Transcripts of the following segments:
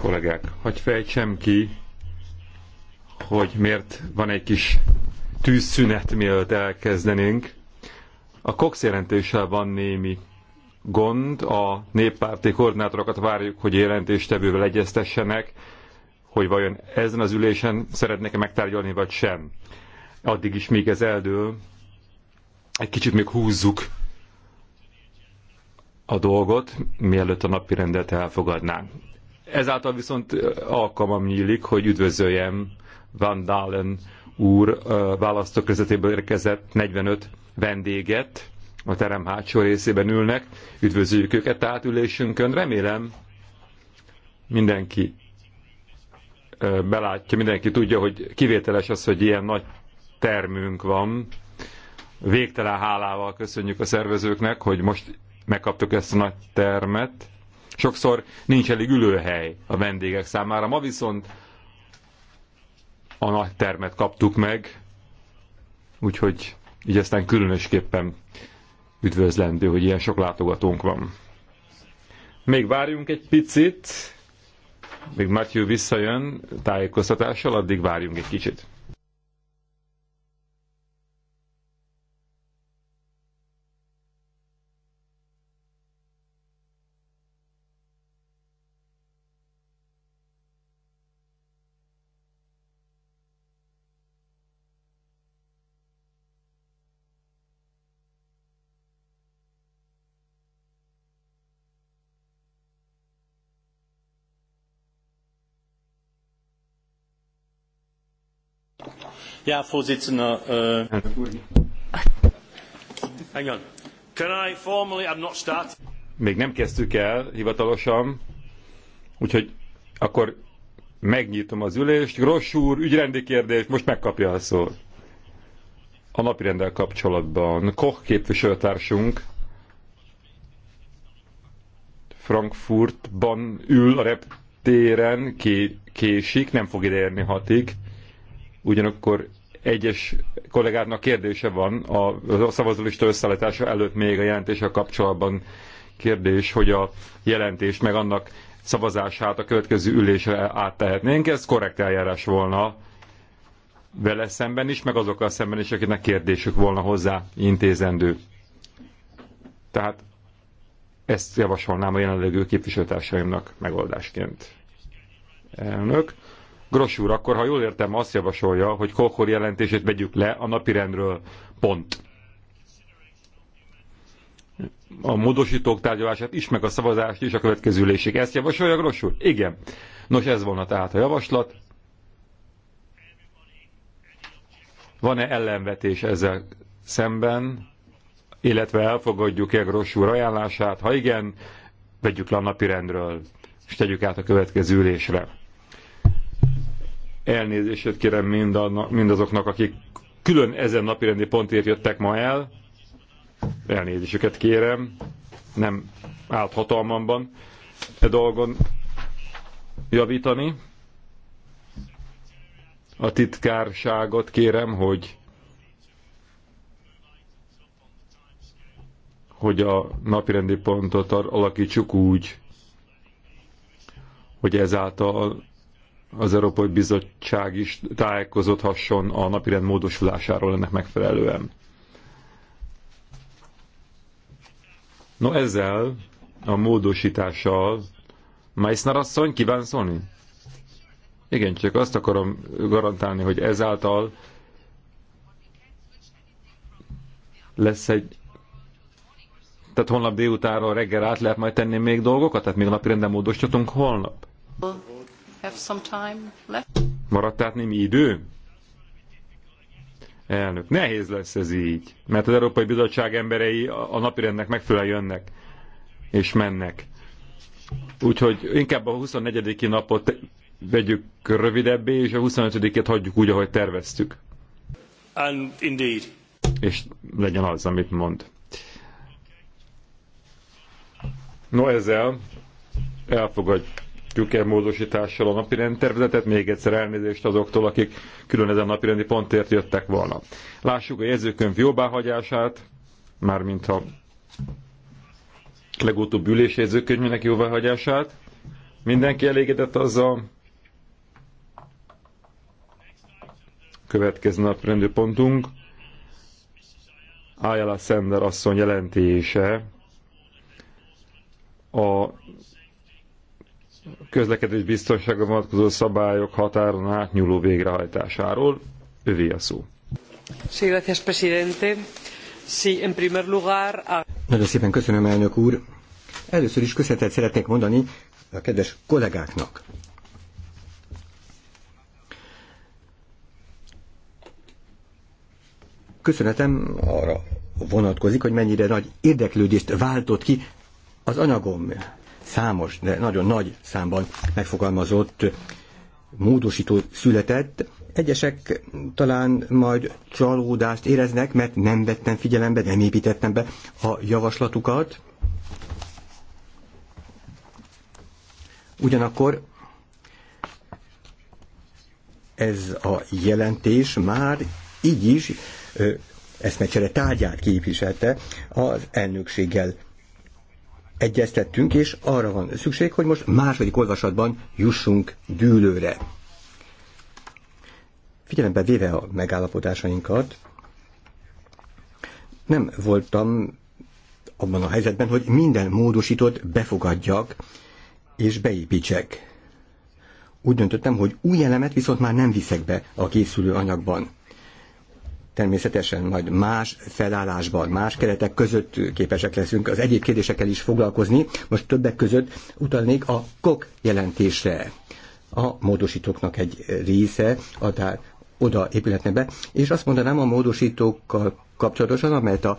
Kollégák, hagyj fejtsem ki, hogy miért van egy kis tűzszünet, mielőtt elkezdenénk. A Cox jelentéssel van némi gond, a néppárti koordinátorokat várjuk, hogy jelentéstevővel egyeztessenek, hogy vajon ezen az ülésen szeretnék-e megtárgyalni, vagy sem. Addig is, még ez eldől, egy kicsit még húzzuk a dolgot, mielőtt a napi rendet elfogadnánk. Ezáltal viszont alkalmam nyílik, hogy üdvözöljem Van Dalen úr választókörzetéből érkezett 45 vendéget, a terem hátsó részében ülnek, üdvözöljük őket átülésünkön. Remélem mindenki belátja, mindenki tudja, hogy kivételes az, hogy ilyen nagy termünk van. Végtelen hálával köszönjük a szervezőknek, hogy most megkaptuk ezt a nagy termet. Sokszor nincs elég ülőhely a vendégek számára. Ma viszont a nagy termet kaptuk meg, úgyhogy így aztán különösképpen üdvözlendő, hogy ilyen sok látogatónk van. Még várjunk egy picit, még Matthew visszajön tájékoztatással, addig várjunk egy kicsit. Ja, Vorsitzender. Äh, hang on. Can I formally, I'm not started. Még nem kezdtük el hivatalosan, úgyhogy akkor megnyitom az ülést. Gross úr, ügyrendi kérdés, most megkapja a szót. A napirendel kapcsolatban Koch képviselőtársunk Frankfurtban ül a reptéren, ké- késik, nem fog ideérni hatig. Ugyanakkor egyes kollégárnak kérdése van a szavazólista összeállítása előtt még a jelentéssel kapcsolatban kérdés, hogy a jelentést meg annak szavazását a következő ülésre áttehetnénk. Ez korrekt eljárás volna vele szemben is, meg azokkal szemben is, akiknek kérdésük volna hozzá intézendő. Tehát ezt javasolnám a jelenlegő képviselőtársaimnak megoldásként. Elnök. Gros úr, akkor ha jól értem, azt javasolja, hogy Kolkor jelentését vegyük le a napirendről. Pont. A módosítók tárgyalását is, meg a szavazást is a következő ülésig. Ezt javasolja Gros úr? Igen. Nos, ez volna tehát a javaslat. Van-e ellenvetés ezzel szemben, illetve elfogadjuk-e Gros úr ajánlását? Ha igen, vegyük le a napirendről, és tegyük át a következő ülésre. Elnézését kérem mindazoknak, akik külön ezen napirendi pontért jöttek ma el. Elnézésüket kérem, nem állt hatalmamban e dolgon javítani. A titkárságot kérem, hogy hogy a napirendi pontot alakítsuk úgy, hogy ezáltal az Európai Bizottság is tájékozódhasson a napirend módosulásáról ennek megfelelően. No ezzel, a módosítással, Meissner asszony kíván szólni? Igen, csak azt akarom garantálni, hogy ezáltal lesz egy tehát holnap délutánról reggel át lehet majd tenni még dolgokat? Tehát még napirenden módosítunk holnap? Maradt tehát némi idő? Elnök, nehéz lesz ez így, mert az Európai Bizottság emberei a napirendnek megfelelően jönnek és mennek. Úgyhogy inkább a 24. napot vegyük rövidebbé, és a 25-et hagyjuk úgy, ahogy terveztük. And indeed. És legyen az, amit mond. No, ezzel elfogadjuk e módosítással a napirend tervezetet, még egyszer elnézést azoktól, akik külön ezen napirendi pontért jöttek volna. Lássuk a jegyzőkönyv jóváhagyását, mármint a legutóbb ülés jegyzőkönyvének jóváhagyását. Mindenki elégedett azzal? Következő napirendi pontunk. Ayala Sender asszony jelentése a közlekedés biztonsága vonatkozó szabályok határon átnyúló végrehajtásáról. Övé a szó. Sí, gracias, presidente. Sí, en primer lugar... A... Nagyon szépen köszönöm, elnök úr. Először is köszönetet szeretnék mondani a kedves kollégáknak. Köszönetem arra vonatkozik, hogy mennyire nagy érdeklődést váltott ki az anyagom számos, de nagyon nagy számban megfogalmazott módosító született. Egyesek talán majd csalódást éreznek, mert nem vettem figyelembe, nem építettem be a javaslatukat. Ugyanakkor ez a jelentés már így is eszmecsere tárgyát képviselte az elnökséggel egyeztettünk, és arra van szükség, hogy most második olvasatban jussunk dűlőre. Figyelembe véve a megállapodásainkat, nem voltam abban a helyzetben, hogy minden módosított befogadjak és beépítsek. Úgy döntöttem, hogy új elemet viszont már nem viszek be a készülő anyagban természetesen majd más felállásban, más keretek között képesek leszünk az egyéb kérdésekkel is foglalkozni. Most többek között utalnék a KOK jelentésre. A módosítóknak egy része a, oda épülhetne be, és azt mondanám a módosítókkal kapcsolatosan, amelyet a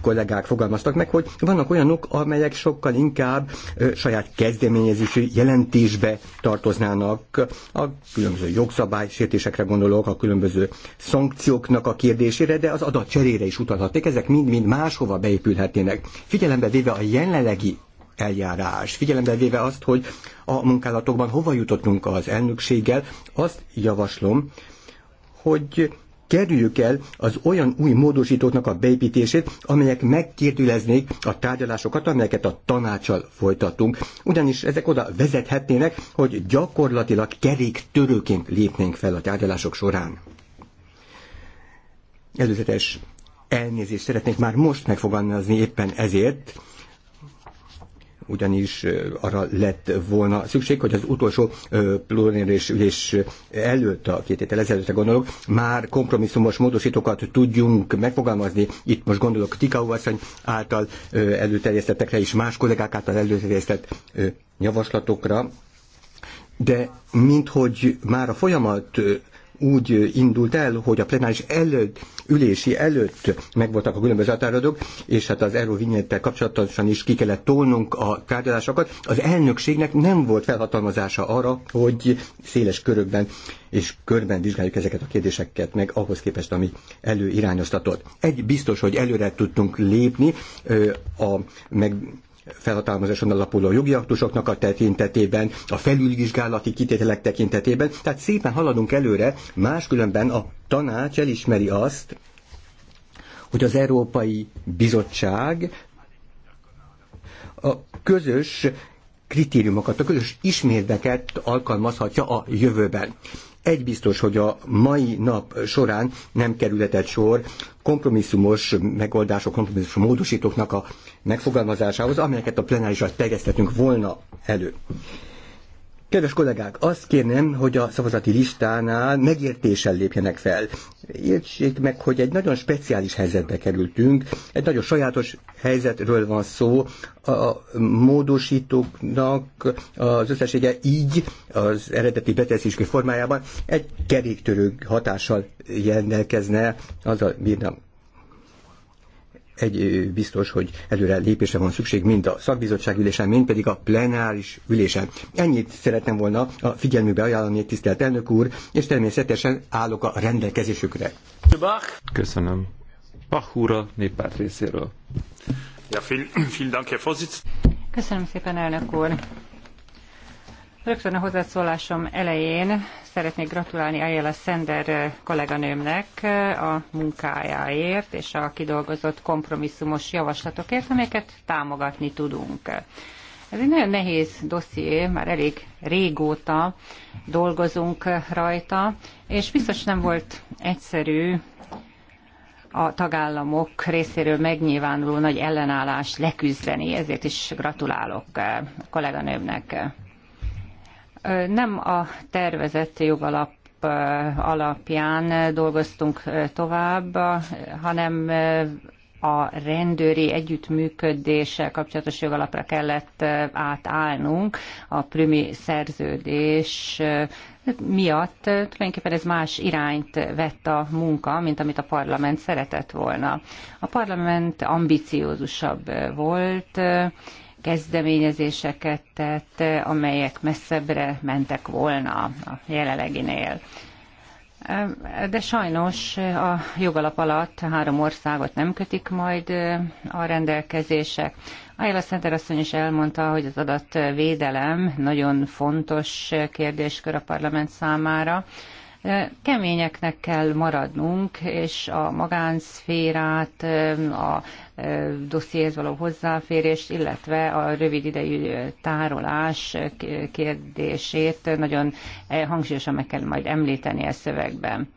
kollégák fogalmaztak meg, hogy vannak olyanok, amelyek sokkal inkább saját kezdeményezési jelentésbe tartoznának. A különböző jogszabály sértésekre gondolok, a különböző szankcióknak a kérdésére, de az adatcserére is utalhatnék. Ezek mind-mind máshova beépülhetnének. Figyelembe véve a jelenlegi eljárás. Figyelembe véve azt, hogy a munkálatokban hova jutottunk az elnökséggel, azt javaslom, hogy kerüljük el az olyan új módosítóknak a beépítését, amelyek megkérdőleznék a tárgyalásokat, amelyeket a tanácsal folytatunk. Ugyanis ezek oda vezethetnének, hogy gyakorlatilag kerék törőként lépnénk fel a tárgyalások során. Előzetes elnézést szeretnék már most megfogalmazni éppen ezért, ugyanis arra lett volna szükség, hogy az utolsó plurinérés ülés előtt, a két héttel ezelőttre gondolok, már kompromisszumos módosítókat tudjunk megfogalmazni. Itt most gondolok Tikau asszony által előterjesztettekre és más kollégák által előterjesztett javaslatokra, de minthogy már a folyamat úgy indult el, hogy a plenáris előtt, ülési előtt megvoltak a különböző határadók, és hát az Eurovignettel kapcsolatosan is ki kellett tolnunk a tárgyalásokat. Az elnökségnek nem volt felhatalmazása arra, hogy széles körökben és körben vizsgáljuk ezeket a kérdéseket meg ahhoz képest, ami előirányoztatott. Egy biztos, hogy előre tudtunk lépni a meg felhatalmazáson alapuló jogi aktusoknak a tekintetében, a felülvizsgálati kitételek tekintetében. Tehát szépen haladunk előre, máskülönben a tanács elismeri azt, hogy az Európai Bizottság a közös kritériumokat, a közös ismérveket alkalmazhatja a jövőben. Egy biztos, hogy a mai nap során nem kerületett sor kompromisszumos megoldások, kompromisszumos módosítóknak a megfogalmazásához, amelyeket a plenárisra terjesztettünk volna elő. Kedves kollégák, azt kérném, hogy a szavazati listánál megértéssel lépjenek fel. Értsék meg, hogy egy nagyon speciális helyzetbe kerültünk, egy nagyon sajátos helyzetről van szó. A módosítóknak az összessége így, az eredeti beteszésű formájában egy keréktörő hatással rendelkezne, azzal bírnám egy biztos, hogy előre lépésre van szükség mind a szakbizottság ülésen, mind pedig a plenáris ülésen. Ennyit szeretném volna a figyelmükbe ajánlani, tisztelt elnök úr, és természetesen állok a rendelkezésükre. Köszönöm. Bach úr a néppárt részéről. Ja, vielen, Dank, Herr Köszönöm szépen, elnök úr. Rögtön a hozzászólásom elején szeretnék gratulálni Ayala Sender kolléganőmnek a munkájáért és a kidolgozott kompromisszumos javaslatokért, amelyeket támogatni tudunk. Ez egy nagyon nehéz dosszié, már elég régóta dolgozunk rajta, és biztos nem volt egyszerű a tagállamok részéről megnyilvánuló nagy ellenállást leküzdeni, ezért is gratulálok a kolléganőmnek nem a tervezett jogalap alapján dolgoztunk tovább, hanem a rendőri együttműködéssel kapcsolatos jogalapra kellett átállnunk a prümi szerződés miatt tulajdonképpen ez más irányt vett a munka, mint amit a parlament szeretett volna. A parlament ambiciózusabb volt, kezdeményezéseket tett, amelyek messzebbre mentek volna a jelenleginél. De sajnos a jogalap alatt három országot nem kötik majd a rendelkezések. Ayla Szenter asszony is elmondta, hogy az adatvédelem nagyon fontos kérdéskör a parlament számára. Keményeknek kell maradnunk, és a magánszférát, a e, dossziéhez való hozzáférést, illetve a rövid idejű tárolás kérdését nagyon e, hangsúlyosan meg kell majd említeni a e szövegben.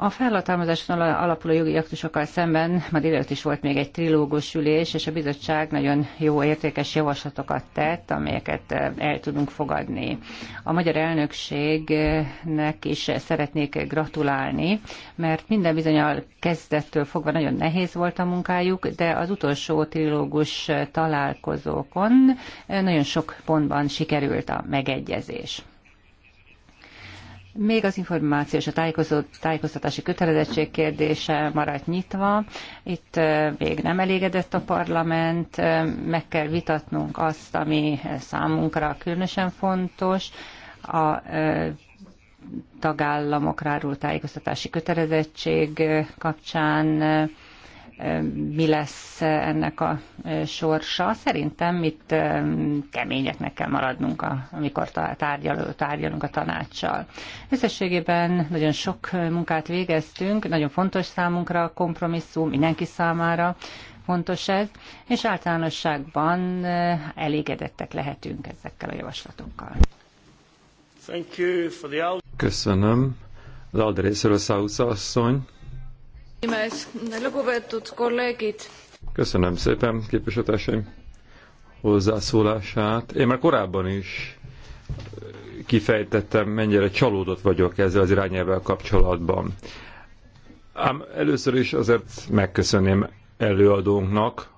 A felhatalmazáson alapuló jogi aktusokkal szemben ma délelőtt is volt még egy trilógus ülés, és a bizottság nagyon jó értékes javaslatokat tett, amelyeket eh, el tudunk fogadni. A magyar elnökségnek is szeretnék gratulálni, mert minden bizonyal kezdettől fogva nagyon nehéz volt a munkájuk, de az utolsó trilógus találkozókon eh, nagyon sok pontban sikerült a megegyezés. Még az információs a tájékoztatási kötelezettség kérdése maradt nyitva. Itt még nem elégedett a parlament, meg kell vitatnunk azt, ami számunkra különösen fontos. A tagállamok rárul tájékoztatási kötelezettség kapcsán mi lesz ennek a e, sorsa. Szerintem itt e, keményeknek kell maradnunk, amikor tárgyal, tárgyalunk a tanácssal. Összességében nagyon sok e, munkát végeztünk, nagyon fontos számunkra a kompromisszum, mindenki számára fontos ez, és általánosságban elégedettek lehetünk ezekkel a javaslatokkal. Köszönöm. Az Aldrészről Szausza asszony. Köszönöm szépen képviselőtársaim hozzászólását. Én már korábban is eh, kifejtettem, mennyire csalódott vagyok ezzel az irányelvvel kapcsolatban. Ám először is azért megköszönném előadónknak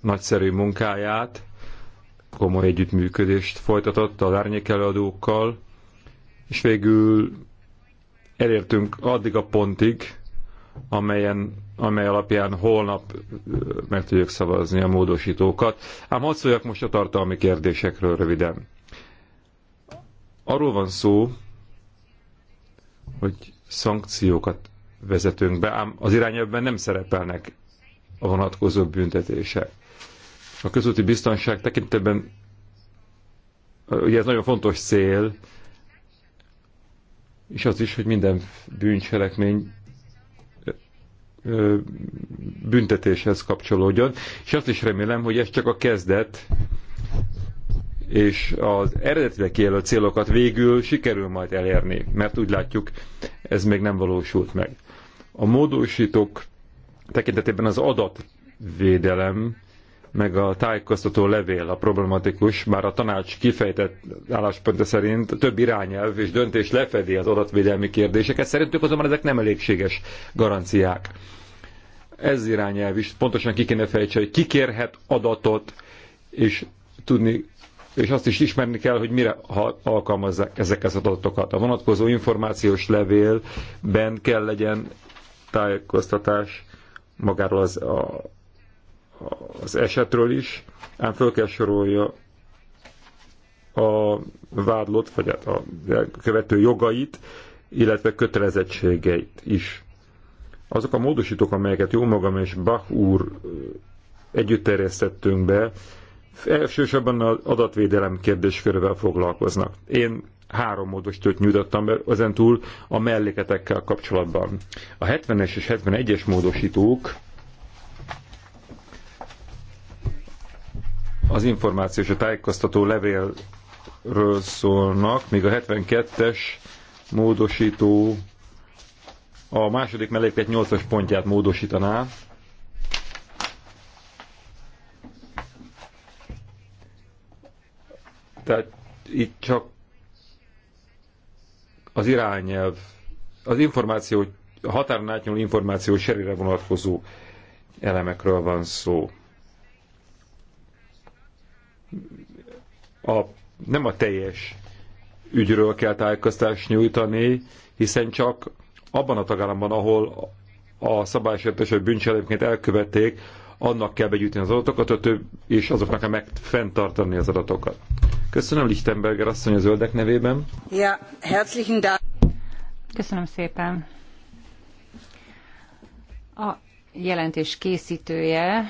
nagyszerű munkáját, komoly együttműködést folytatott az árnyék előadókkal, és végül elértünk addig a pontig, amelyen, amely alapján holnap meg tudjuk szavazni a módosítókat. Ám hadd szóljak most a tartalmi kérdésekről röviden. Arról van szó, hogy szankciókat vezetünk be, ám az irányelvben nem szerepelnek a vonatkozó büntetések. A közúti biztonság tekintetben ugye ez nagyon fontos cél, és az is, hogy minden bűncselekmény büntetéshez kapcsolódjon, és azt is remélem, hogy ez csak a kezdet, és az eredetileg kijelölt célokat végül sikerül majd elérni, mert úgy látjuk, ez még nem valósult meg. A módosítók tekintetében az adatvédelem meg a tájékoztató levél a problematikus, bár a tanács kifejtett álláspontja szerint több irányelv és döntés lefedi az adatvédelmi kérdéseket, szerintük azonban ezek nem elégséges garanciák. Ez irányelv is pontosan ki kéne fejtse, hogy ki kérhet adatot, és tudni és azt is ismerni kell, hogy mire alkalmazzák ezek az adatokat. A vonatkozó információs levélben kell legyen tájékoztatás magáról az a az esetről is, ám föl kell sorolja a vádlott, vagy hát a követő jogait, illetve kötelezettségeit is. Azok a módosítók, amelyeket jó magam és Bach úr együtt terjesztettünk be, elsősorban az adatvédelem kérdéskörvel foglalkoznak. Én három módosítót nyújtottam be, ezen túl a melléketekkel kapcsolatban. A 70-es és 71-es módosítók az információ és a tájékoztató levélről szólnak, míg a 72-es módosító a második melléklet 8-as pontját módosítaná. Tehát itt csak az irányelv, az információ, a határon átnyúló információ serére vonatkozó elemekről van szó a, nem a teljes ügyről kell tájékoztást nyújtani, hiszen csak abban a tagállamban, ahol a vagy bűncselekményt elkövették, annak kell begyűjteni az adatokat, és azoknak kell megfenntartani az adatokat. Köszönöm Lichtenberger asszony a zöldek nevében. Ja, herzlichen Dank. Köszönöm szépen. A jelentés készítője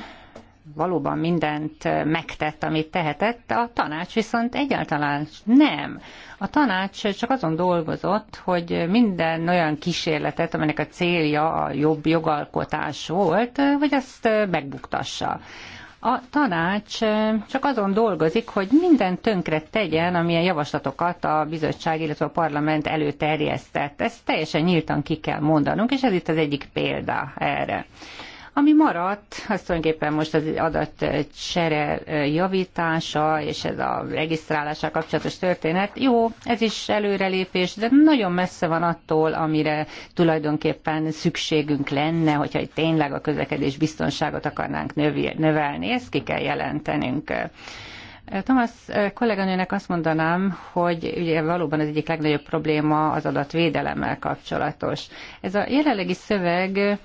valóban mindent megtett, amit tehetett, a tanács viszont egyáltalán nem. A tanács csak azon dolgozott, hogy minden olyan kísérletet, aminek a célja a jobb jogalkotás volt, hogy azt megbuktassa. A tanács csak azon dolgozik, hogy minden tönkre tegyen, amilyen javaslatokat a bizottság, illetve a parlament előterjesztett. Ezt teljesen nyíltan ki kell mondanunk, és ez itt az egyik példa erre. Ami maradt, az tulajdonképpen most az adatcsere eh, eh, javítása és ez a regisztrálással kapcsolatos történet. Jó, ez is előrelépés, de nagyon messze van attól, amire tulajdonképpen szükségünk lenne, hogyha egy tényleg a közlekedés biztonságot akarnánk növelni. Ezt ki kell jelentenünk. Eh, Thomas kolléganőnek azt mondanám, hogy ugye valóban az egyik legnagyobb probléma az adatvédelemmel kapcsolatos. Ez a jelenlegi szöveg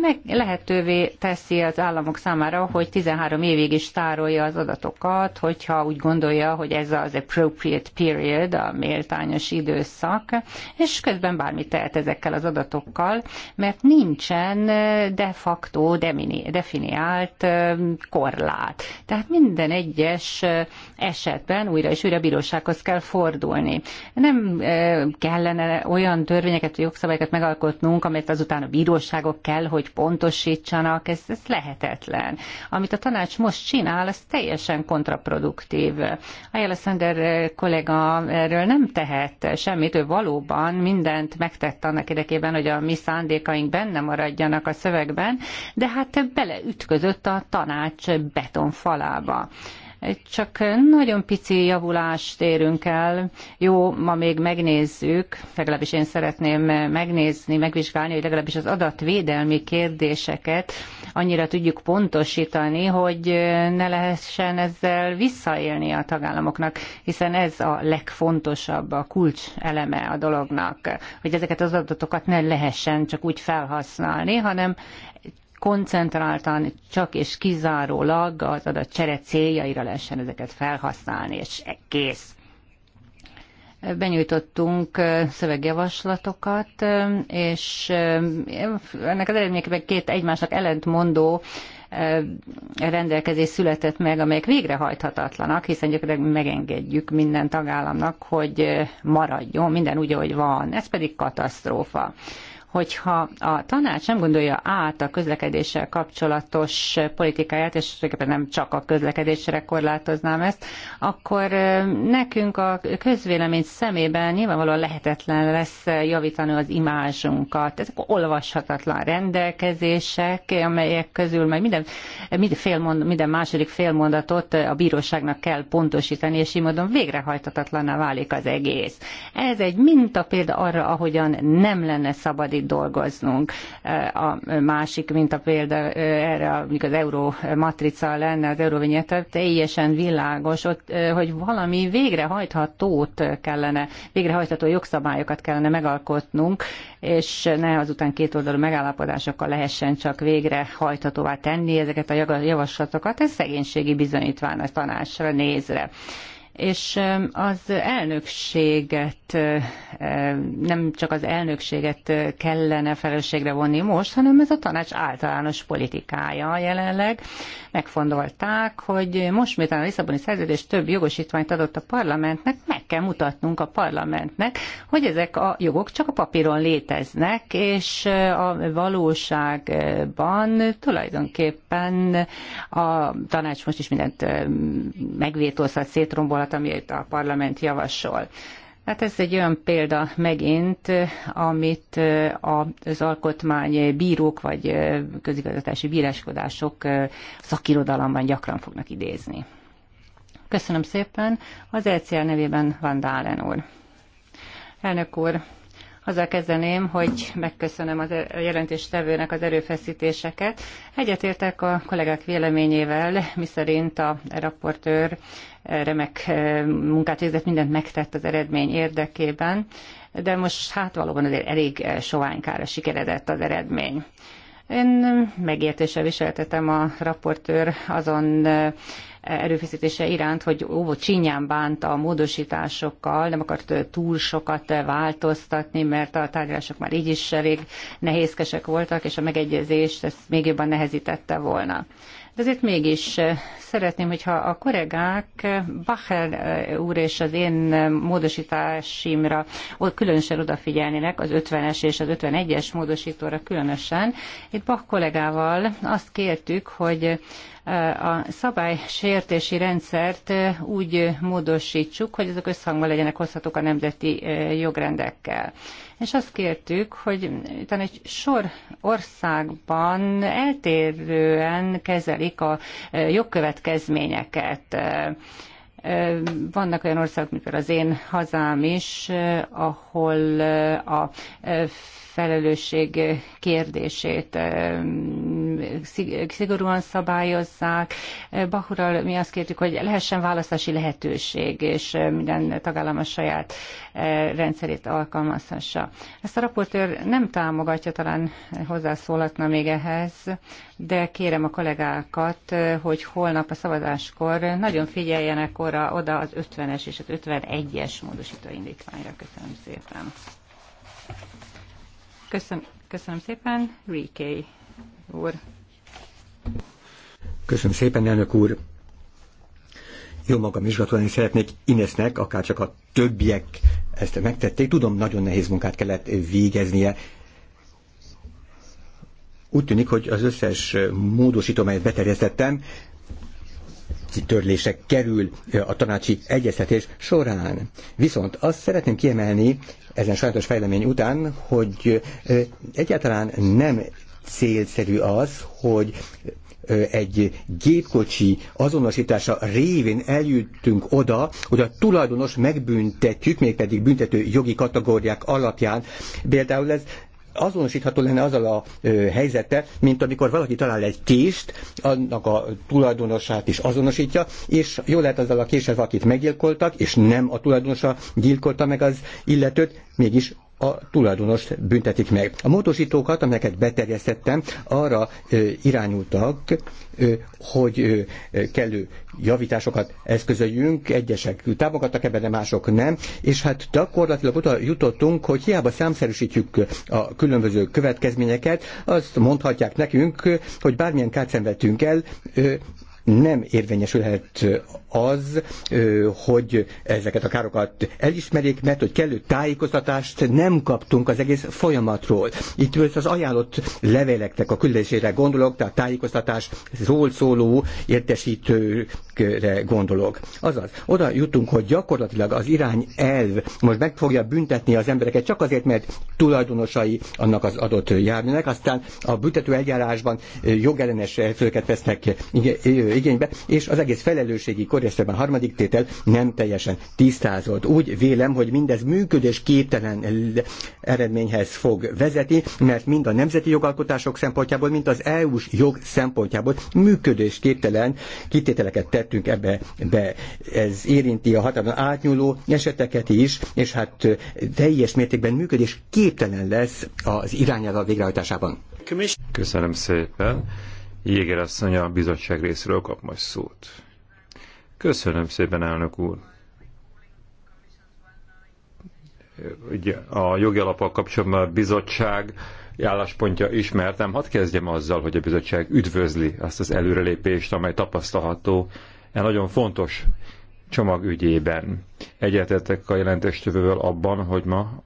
meg lehetővé teszi az államok számára, hogy 13 évig is tárolja az adatokat, hogyha úgy gondolja, hogy ez az appropriate period, a méltányos időszak, és közben bármit tehet ezekkel az adatokkal, mert nincsen de facto definiált korlát. Tehát minden egyes esetben újra és újra bírósághoz kell fordulni. Nem kellene olyan törvényeket, jogszabályokat megalkotnunk, amelyet azután a bíróságok kell, hogy pontosítsanak, ez, ez lehetetlen. Amit a tanács most csinál, ez teljesen kontraproduktív. A Sander kollega erről nem tehet semmit, ő valóban mindent megtett annak érdekében, hogy a mi szándékaink benne maradjanak a szövegben, de hát beleütközött a tanács betonfalába csak nagyon pici javulást érünk el. Jó, ma még megnézzük, legalábbis én szeretném megnézni, megvizsgálni, hogy legalábbis az adatvédelmi kérdéseket annyira tudjuk pontosítani, hogy ne lehessen ezzel visszaélni a tagállamoknak, hiszen ez a legfontosabb, a kulcs eleme a dolognak, hogy ezeket az adatokat ne lehessen csak úgy felhasználni, hanem koncentráltan csak és kizárólag az csere céljaira lehessen ezeket felhasználni, és kész benyújtottunk szövegjavaslatokat, és ennek az eredményekben két egymásnak ellentmondó rendelkezés született meg, amelyek végrehajthatatlanak, hiszen gyakorlatilag megengedjük minden tagállamnak, hogy maradjon minden úgy, ahogy van. Ez pedig katasztrófa hogyha a tanács nem gondolja át a közlekedéssel kapcsolatos politikáját, és tulajdonképpen nem csak a közlekedésre korlátoznám ezt, akkor nekünk a közvélemény szemében nyilvánvalóan lehetetlen lesz javítani az imázsunkat. Ezek olvashatatlan rendelkezések, amelyek közül meg minden, minden, félmond, minden második félmondatot a bíróságnak kell pontosítani, és így módon végrehajtatatlanná válik az egész. Ez egy mintapélda arra, ahogyan nem lenne szabad együtt dolgoznunk. A másik, mint a példa erre, amikor az euró matrica lenne, az euróvinyeta, teljesen világos, ott, hogy valami végrehajthatót kellene, végrehajtható jogszabályokat kellene megalkotnunk, és ne azután kétoldalú megállapodásokkal lehessen csak végrehajthatóvá tenni ezeket a javaslatokat. Ez szegénységi bizonyítvány a tanásra nézre. és az elnökséget nem csak az elnökséget kellene felelősségre vonni most, hanem ez a tanács általános politikája jelenleg. Megfondolták, hogy most, miután a Lisszaboni szerződés több jogosítványt adott a parlamentnek, meg kell mutatnunk a parlamentnek, hogy ezek a jogok csak a papíron léteznek, és a valóságban tulajdonképpen a tanács most is mindent megvétózhat, szétrombolhat, amit a parlament javasol. Hát ez egy olyan példa megint, amit az alkotmány bírók vagy közigazgatási bíráskodások szakirodalomban gyakran fognak idézni. Köszönöm szépen. Az ECR nevében Van Dálen úr. Elnök úr, azzal kezdeném, hogy megköszönöm az e, a jelentéstevőnek az erőfeszítéseket. Egyetértek a kollégák véleményével, miszerint a raportőr remek eh, munkát végzett, mindent megtett az eredmény érdekében, de most hát valóban azért elég eh, soványkára sikeredett az eredmény. Én eh, megértéssel viseltetem a raportőr azon erőfeszítése iránt, hogy óvó csinyán bánta a módosításokkal, nem akart túl sokat változtatni, mert a tárgyalások már így is elég nehézkesek voltak, és a megegyezést ezt még jobban nehezítette volna. De azért mégis eh, szeretném, hogyha a kollégák eh, Bachel eh, úr és az én módosításimra különösen odafigyelnének, az 50-es és az 51-es módosítóra különösen. Itt Bach kollégával azt kértük, hogy a szabálysértési rendszert úgy módosítsuk, hogy azok összhangban legyenek hozhatók a nemzeti jogrendekkel. És azt kértük, hogy itt egy sor országban eltérően kezelik a jogkövetkezményeket vannak olyan országok, mint például az én hazám is, ahol a felelősség kérdését eh, szigorúan szabályozzák. Bahural mi azt kértük, hogy lehessen választási lehetőség, és minden tagállam a saját E, rendszerét alkalmazhassa. Ezt a raportőr nem támogatja, talán hozzászólhatna még ehhez, de kérem a kollégákat, e, hogy holnap a szavazáskor nagyon figyeljenek orra, oda az 50-es és az 51-es módosító indítványra. Köszönöm szépen. Köszönöm, köszönöm szépen, Riké úr. Köszönöm szépen, elnök úr. Jó magam is gratulálni szeretnék Inesnek, akár csak a többiek ezt megtették. Tudom, nagyon nehéz munkát kellett végeznie. Úgy tűnik, hogy az összes módosító, amelyet beterjesztettem, törlések kerül a tanácsi egyeztetés során. Viszont azt szeretném kiemelni ezen sajátos fejlemény után, hogy egyáltalán nem célszerű az, hogy egy gépkocsi azonosítása révén eljuttunk oda, hogy a tulajdonos megbüntetjük, mégpedig büntető jogi kategóriák alapján. Például ez azonosítható lenne azzal a ö, helyzete, mint amikor valaki talál egy kést, annak a tulajdonosát is azonosítja, és jó lehet azzal a késsel valakit meggyilkoltak, és nem a tulajdonosa gyilkolta meg az illetőt, mégis a tulajdonost büntetik meg. A módosítókat, amelyeket beterjesztettem, arra irányultak, hogy kellő javításokat eszközöljünk, egyesek támogattak ebben, de mások nem, és hát gyakorlatilag oda jutottunk, hogy hiába számszerűsítjük a különböző következményeket, azt mondhatják nekünk, hogy bármilyen kárt szenvedtünk el, nem érvényesülhet az, hogy ezeket a károkat elismerjék, mert hogy kellő tájékoztatást nem kaptunk az egész folyamatról. Itt most az ajánlott leveleknek a küldésére gondolok, tehát tájékoztatásról szóló értesítőre gondolok. Azaz, oda jutunk, hogy gyakorlatilag az irány elv most meg fogja büntetni az embereket csak azért, mert tulajdonosai annak az adott járműnek, aztán a büntető eljárásban jogellenes eszközöket vesznek igénybe, és az egész felelősségi kor, és a harmadik tétel nem teljesen tisztázott. Úgy vélem, hogy mindez működés képtelen eredményhez fog vezetni, mert mind a nemzeti jogalkotások szempontjából, mint az EU-s jog szempontjából működés képtelen kitételeket tettünk ebbe be. Ez érinti a határon átnyúló eseteket is, és hát teljes mértékben működés képtelen lesz az irányelv végrehajtásában. Köszönöm szépen. Jéger asszony a bizottság részről kap majd szót. Köszönöm szépen, elnök úr. Ugye a jogi alapok kapcsolatban a bizottság álláspontja ismertem. Hadd kezdjem azzal, hogy a bizottság üdvözli azt az előrelépést, amely tapasztalható e nagyon fontos csomag ügyében. Egyetettek a jelentéstövővel abban, hogy ma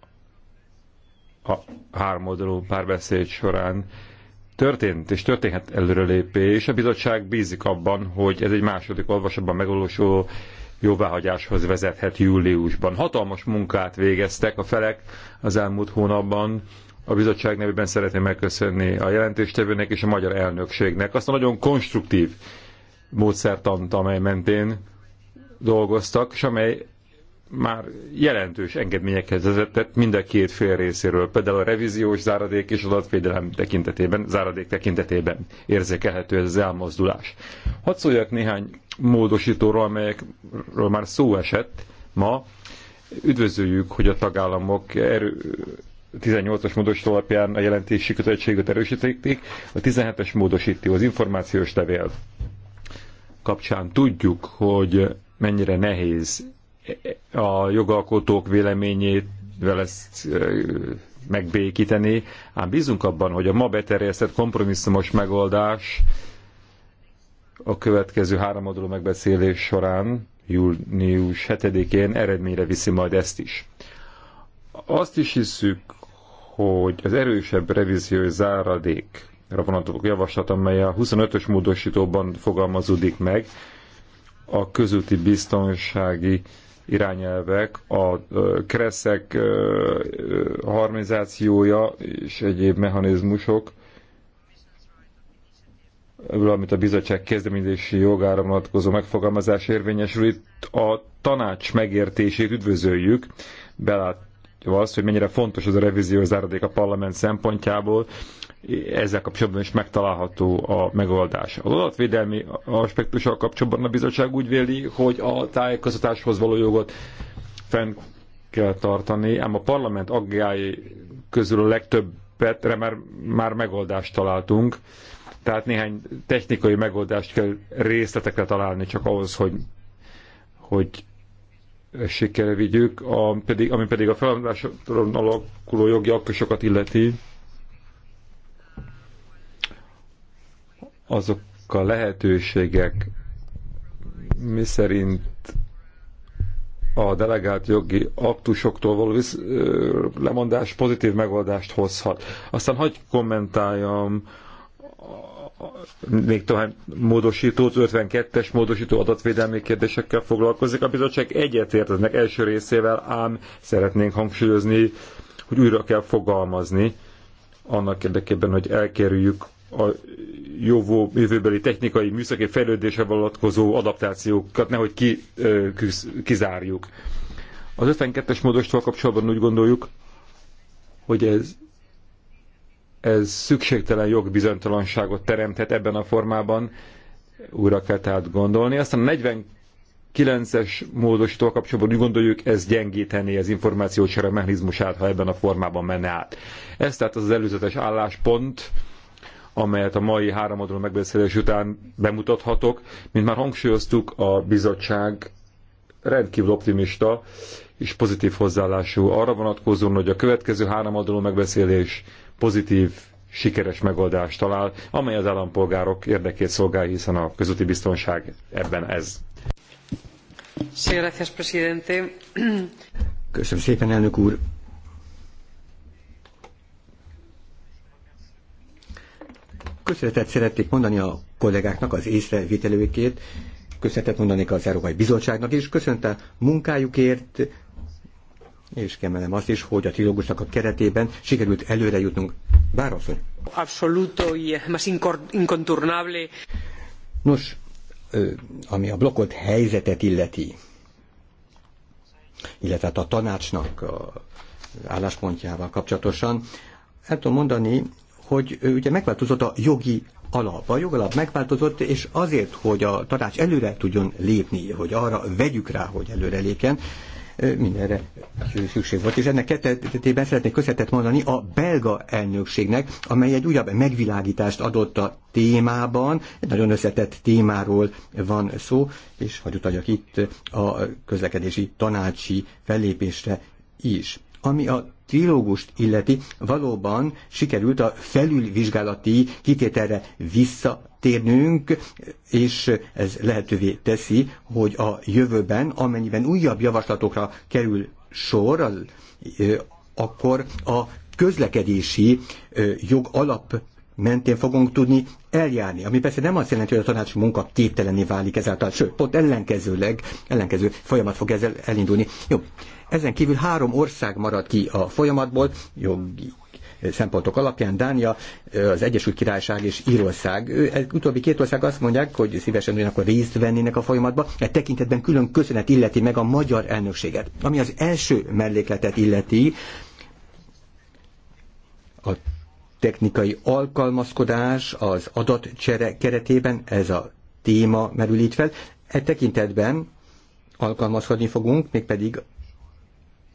a háromoldalú párbeszéd során Történt és történhet előrelépés. A bizottság bízik abban, hogy ez egy második olvasatban megvalósuló jóváhagyáshoz vezethet júliusban. Hatalmas munkát végeztek a felek az elmúlt hónapban. A bizottság nevében szeretném megköszönni a jelentéstevőnek és a magyar elnökségnek azt a nagyon konstruktív módszertant, amely mentén dolgoztak, és amely már jelentős engedményekhez vezetett mind a két fél részéről, például a revíziós záradék és adatvédelem tekintetében, záradék tekintetében érzékelhető ez az elmozdulás. Hadd szóljak néhány módosítóról, amelyekről már szó esett ma. Üdvözöljük, hogy a tagállamok erő, 18-as módosító alapján a jelentési kötelezettséget erősítették, a 17-es módosító, az információs levél kapcsán tudjuk, hogy mennyire nehéz a jogalkotók véleményét ezt megbékíteni, ám bízunk abban, hogy a ma beterjesztett kompromisszumos megoldás a következő háromaduló megbeszélés során, június 7-én eredményre viszi majd ezt is. Azt is hiszük, hogy az erősebb revíziós záradékra vonatkozó javaslat, amely a 25-ös módosítóban fogalmazódik meg, a közúti biztonsági irányelvek, a kreszek harmonizációja és egyéb mechanizmusok, valamint a bizottság kezdeményezési jogára vonatkozó megfogalmazás érvényesül. Itt a tanács megértését üdvözöljük, belátva azt, hogy mennyire fontos ez a revízió záradék a parlament szempontjából, ezzel kapcsolatban is megtalálható a megoldás. Az adatvédelmi aspektussal kapcsolatban a bizottság úgy véli, hogy a tájékoztatáshoz való jogot fenn kell tartani, ám a parlament aggályai közül a legtöbbet, már, már megoldást találtunk, tehát néhány technikai megoldást kell részletekre találni csak ahhoz, hogy, hogy sikerre vigyük, a, pedig, ami pedig a feladatáson alakuló jogi akkusokat illeti, azok a lehetőségek, mi szerint a delegált jogi aktusoktól való visz, lemondás pozitív megoldást hozhat. Aztán hagyj kommentáljam még tovább módosító, 52-es módosító adatvédelmi kérdésekkel foglalkozik. A bizottság egyetért ennek első részével, ám szeretnénk hangsúlyozni, hogy újra kell fogalmazni annak érdekében, hogy elkerüljük a jóvó, jövőbeli technikai műszaki fejlődése vonatkozó adaptációkat nehogy ki, kizárjuk. Az 52-es módostól kapcsolatban úgy gondoljuk, hogy ez, ez szükségtelen jogbizonytalanságot teremthet ebben a formában, újra kell tehát gondolni. Aztán a 49-es módosító kapcsolatban úgy gondoljuk, ez gyengíteni az információcsere mechanizmusát, ha ebben a formában menne át. Ez tehát az, az előzetes álláspont, amelyet a mai háromadról megbeszélés után bemutathatok. Mint már hangsúlyoztuk, a bizottság rendkívül optimista és pozitív hozzáállású arra vonatkozóan, hogy a következő háromadról megbeszélés pozitív sikeres megoldást talál, amely az állampolgárok érdekét szolgálja, hiszen a közúti biztonság ebben ez. Köszönöm szépen, elnök úr! köszönetet szeretnék mondani a kollégáknak az észrevételőkét, köszönetet mondanék az Európai Bizottságnak is, köszönet a munkájukért, és kemelem azt is, hogy a trilógusnak a keretében sikerült előre jutnunk. Bárasszony. Absoluto y más inconturnable. Nos, ami a blokkolt helyzetet illeti, illetve hát a tanácsnak a álláspontjával kapcsolatosan, el tudom mondani, hogy ugye megváltozott a jogi alap. A jogalap megváltozott, és azért, hogy a tanács előre tudjon lépni, hogy arra vegyük rá, hogy előre lépjen, mindenre szükség volt. És ennek kettetében szeretnék köszönetet mondani a belga elnökségnek, amely egy újabb megvilágítást adott a témában. Egy nagyon összetett témáról van szó, és hagyjuk adjak itt a közlekedési tanácsi fellépésre is. Ami a trilógust illeti, valóban sikerült a felülvizsgálati kitételre visszatérnünk, és ez lehetővé teszi, hogy a jövőben, amennyiben újabb javaslatokra kerül sor, akkor a közlekedési jog alap mentén fogunk tudni eljárni. Ami persze nem azt jelenti, hogy a tanács munka képtelené válik ezáltal, sőt, pont ellenkezőleg, ellenkező folyamat fog ezzel elindulni. Jó, ezen kívül három ország marad ki a folyamatból, jogi szempontok alapján Dánia, az Egyesült Királyság és Írország. Ő, utóbbi két ország azt mondják, hogy szívesen ugyanakkor részt vennének a folyamatba. E tekintetben külön köszönet illeti meg a magyar elnökséget. Ami az első mellékletet illeti, a technikai alkalmazkodás az adatcsere keretében, ez a téma merül itt fel. E tekintetben alkalmazkodni fogunk, mégpedig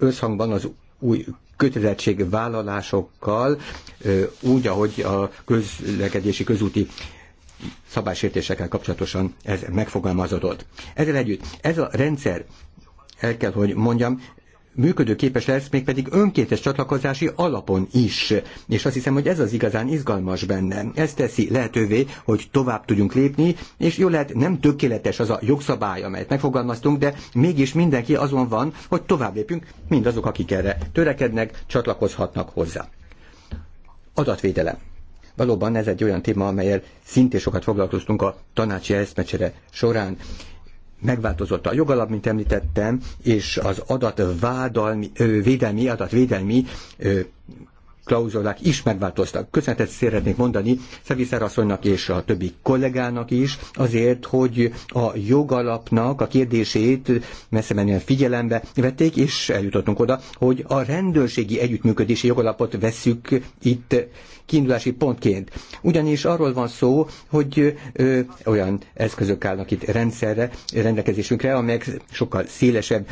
összhangban az új vállalásokkal úgy, ahogy a közlekedési közúti szabálysértésekkel kapcsolatosan ez megfogalmazódott. Ezzel együtt ez a rendszer el kell, hogy mondjam, működőképes lesz, mégpedig önkéntes csatlakozási alapon is. És azt hiszem, hogy ez az igazán izgalmas benne. Ez teszi lehetővé, hogy tovább tudjunk lépni, és jó lehet, nem tökéletes az a jogszabály, amelyet megfogalmaztunk, de mégis mindenki azon van, hogy tovább mind mindazok, akik erre törekednek, csatlakozhatnak hozzá. Adatvédelem. Valóban ez egy olyan téma, amelyel szintén sokat foglalkoztunk a tanácsi eszmecsere során megváltozott a jogalap, mint említettem, és az adatvádalmi, védelmi, adatvédelmi klauzulák is megváltoztak. Köszönetet szeretnék mondani Szeviszer asszonynak és a többi kollégának is azért, hogy a jogalapnak a kérdését messze menően figyelembe vették, és eljutottunk oda, hogy a rendőrségi együttműködési jogalapot vesszük itt kiindulási pontként. Ugyanis arról van szó, hogy ö, olyan eszközök állnak itt rendszerre, rendelkezésünkre, amelyek sokkal szélesebb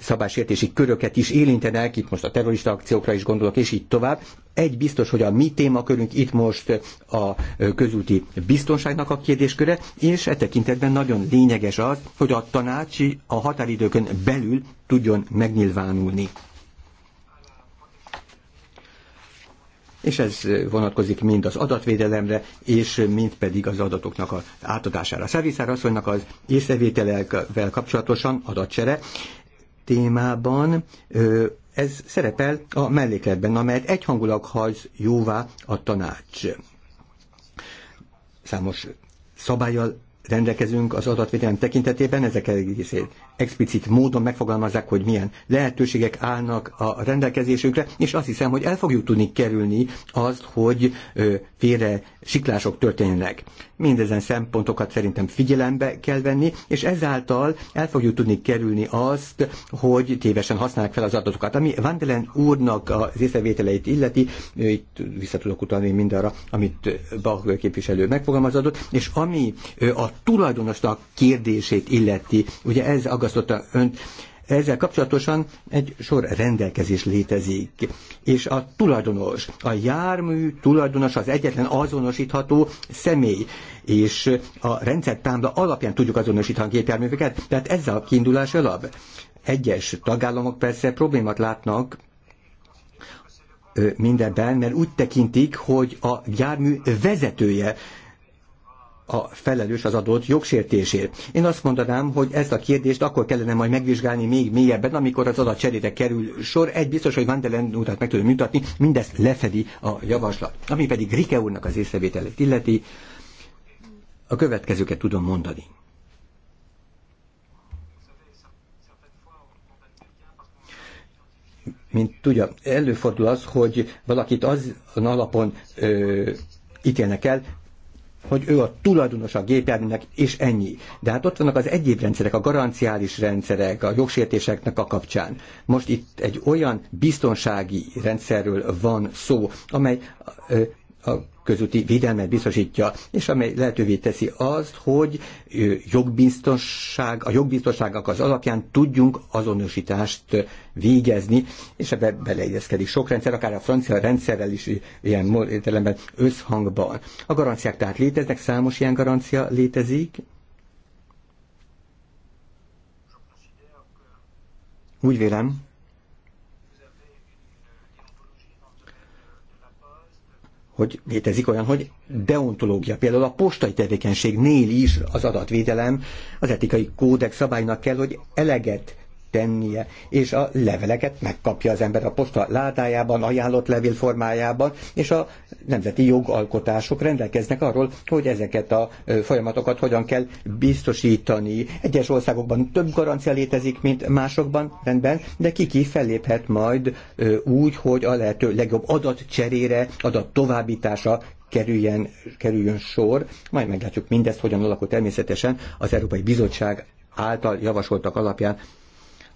szabásértési köröket is érintenek, itt most a terrorista akciókra is gondolok, és így tovább. Egy biztos, hogy a mi témakörünk itt most a közúti biztonságnak a kérdésköre, és e tekintetben nagyon lényeges az, hogy a tanácsi a határidőkön belül tudjon megnyilvánulni. és ez vonatkozik mind az adatvédelemre, és mind pedig az adatoknak az átadására. Szerviszár asszonynak az észrevételekvel kapcsolatosan adatcsere témában ez szerepel a mellékletben, amelyet egyhangulag hagy jóvá a tanács. Számos szabályjal rendelkezünk az adatvédelem tekintetében, ezek egészét explicit módon megfogalmazzák, hogy milyen lehetőségek állnak a rendelkezésünkre, és azt hiszem, hogy el fogjuk tudni kerülni azt, hogy félre siklások történjenek. Mindezen szempontokat szerintem figyelembe kell venni, és ezáltal el fogjuk tudni kerülni azt, hogy tévesen használják fel az adatokat. Ami Vandelen úrnak az észrevételeit illeti, itt vissza tudok utalni mindarra, amit Bach képviselő megfogalmazott, és ami a tulajdonosnak kérdését illeti, ugye ez a választotta önt. Ezzel kapcsolatosan egy sor rendelkezés létezik, és a tulajdonos, a jármű tulajdonos az egyetlen azonosítható személy, és a rendszertámla alapján tudjuk azonosítani a gépjárműveket, tehát ez a kiindulás alap. Egyes tagállamok persze problémát látnak mindenben, mert úgy tekintik, hogy a jármű vezetője a felelős az adott jogsértésért. Én azt mondanám, hogy ezt a kérdést akkor kellene majd megvizsgálni még mélyebben, amikor az adatcserére kerül sor. Egy biztos, hogy Vandelen urat meg tudom mutatni, mindezt lefedi a javaslat. Ami pedig Rike úrnak az észrevételét illeti, a következőket tudom mondani. Mint tudja, előfordul az, hogy valakit az alapon ö, ítélnek el, hogy ő a tulajdonos a gépjárműnek, és ennyi. De hát ott vannak az egyéb rendszerek, a garanciális rendszerek, a jogsértéseknek a kapcsán. Most itt egy olyan biztonsági rendszerről van szó, amely a, a, a közúti védelmet biztosítja, és amely lehetővé teszi azt, hogy jogbiztonság, a jogbiztonságok az alapján tudjunk azonosítást végezni, és ebbe beleegyezkedik sok rendszer, akár a francia rendszerrel is ilyen értelemben összhangban. A garanciák tehát léteznek, számos ilyen garancia létezik, úgy vélem, hogy létezik olyan, hogy deontológia. Például a postai tevékenységnél is az adatvédelem az etikai kódex szabálynak kell, hogy eleget tennie, és a leveleket megkapja az ember a posta ládájában, ajánlott levél formájában, és a nemzeti jogalkotások rendelkeznek arról, hogy ezeket a folyamatokat hogyan kell biztosítani. Egyes országokban több garancia létezik, mint másokban, rendben, de ki felléphet majd úgy, hogy a lehető legjobb adatcserére, adat továbbítása kerüljen, kerüljön sor. Majd meglátjuk mindezt, hogyan alakul természetesen az Európai Bizottság által javasoltak alapján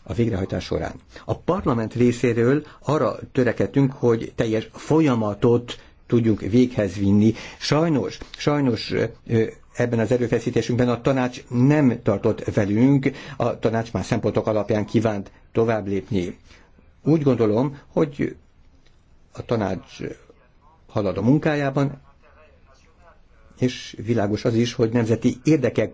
a végrehajtás során. A parlament részéről arra törekedtünk, hogy teljes folyamatot tudjunk véghez vinni. Sajnos, sajnos ebben az erőfeszítésünkben a tanács nem tartott velünk, a tanács már szempontok alapján kívánt tovább lépni. Úgy gondolom, hogy a tanács halad a munkájában, és világos az is, hogy nemzeti érdekek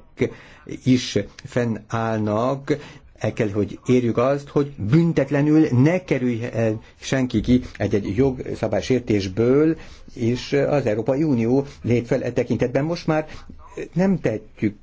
is fennállnak, el kell, hogy érjük azt, hogy büntetlenül ne kerüljen senki ki egy-egy jogszabálysértésből, és az Európai Unió lép fel e tekintetben. Most már nem tettük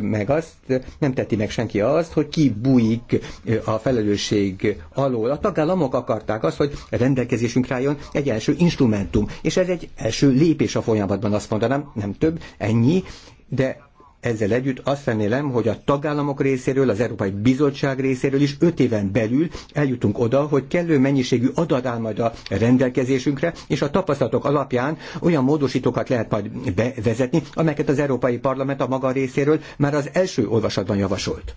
meg azt, nem tetti meg senki azt, hogy ki bújik a felelősség alól. A tagállamok akarták azt, hogy rendelkezésünkre álljon egy első instrumentum, és ez egy első lépés a folyamatban, azt mondanám, nem több, ennyi, de ezzel együtt azt remélem, hogy a tagállamok részéről, az Európai Bizottság részéről is öt éven belül eljutunk oda, hogy kellő mennyiségű adat áll majd a rendelkezésünkre, és a tapasztalatok alapján olyan módosítókat lehet majd bevezetni, amelyeket az Európai Parlament a maga részéről már az első olvasatban javasolt.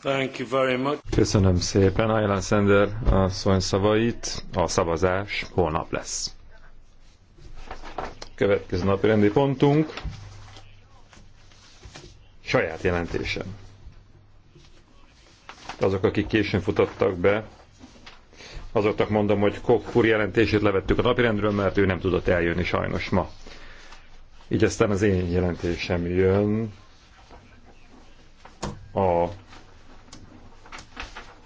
Thank you very much. Köszönöm szépen Aylan Sender szóny szavait. A szavazás holnap lesz. Következő napi rendi pontunk saját jelentésem. Azok, akik későn futottak be, azoknak mondom, hogy Kok úr jelentését levettük a napirendről, mert ő nem tudott eljönni sajnos ma. Így aztán az én jelentésem jön a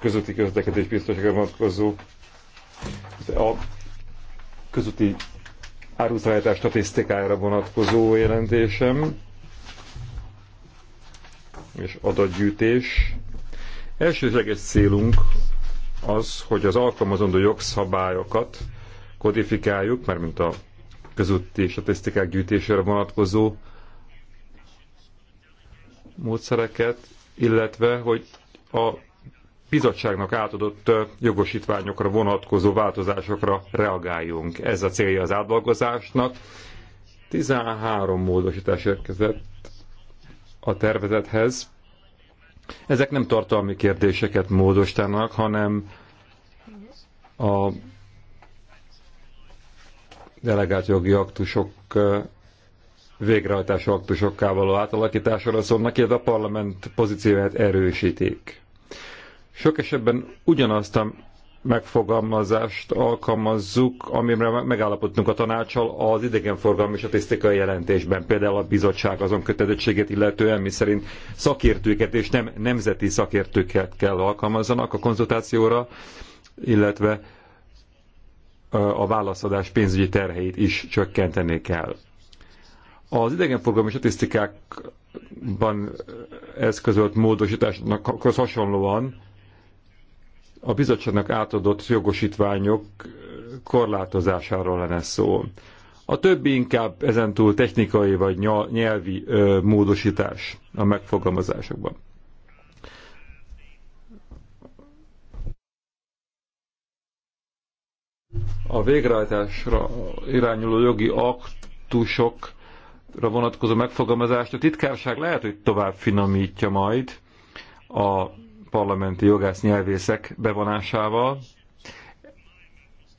közúti közlekedés biztonságra vonatkozó a közúti áruszállítás statisztikájára vonatkozó jelentésem, és adatgyűjtés. Elsőleges célunk az, hogy az alkalmazandó jogszabályokat kodifikáljuk, mert mint a közötti statisztikák gyűjtésére vonatkozó módszereket, illetve hogy a bizottságnak átadott jogosítványokra vonatkozó változásokra reagáljunk. Ez a célja az átdolgozásnak. 13 módosítás érkezett a tervezethez. Ezek nem tartalmi kérdéseket módosítanak, hanem a delegált jogi aktusok végrehajtási aktusokká való átalakításra szólnak, illetve a parlament pozícióját erősítik. Sok esetben ugyanazt a megfogalmazást alkalmazzuk, amire megállapodtunk a tanácsal az idegenforgalmi statisztikai jelentésben, például a bizottság azon kötelezettségét illetően, mi szerint szakértőket és nem nemzeti szakértőket kell alkalmazzanak a konzultációra, illetve a válaszadás pénzügyi terheit is csökkenteni kell. Az idegenforgalmi statisztikákban eszközölt módosításnak hasonlóan a bizottságnak átadott jogosítványok korlátozásáról lenne szó. A többi inkább ezentúl technikai vagy nyelvi ö, módosítás a megfogalmazásokban. A végrehajtásra irányuló jogi aktusokra vonatkozó megfogalmazást a titkárság lehet, hogy tovább finomítja majd a parlamenti jogász nyelvészek bevonásával.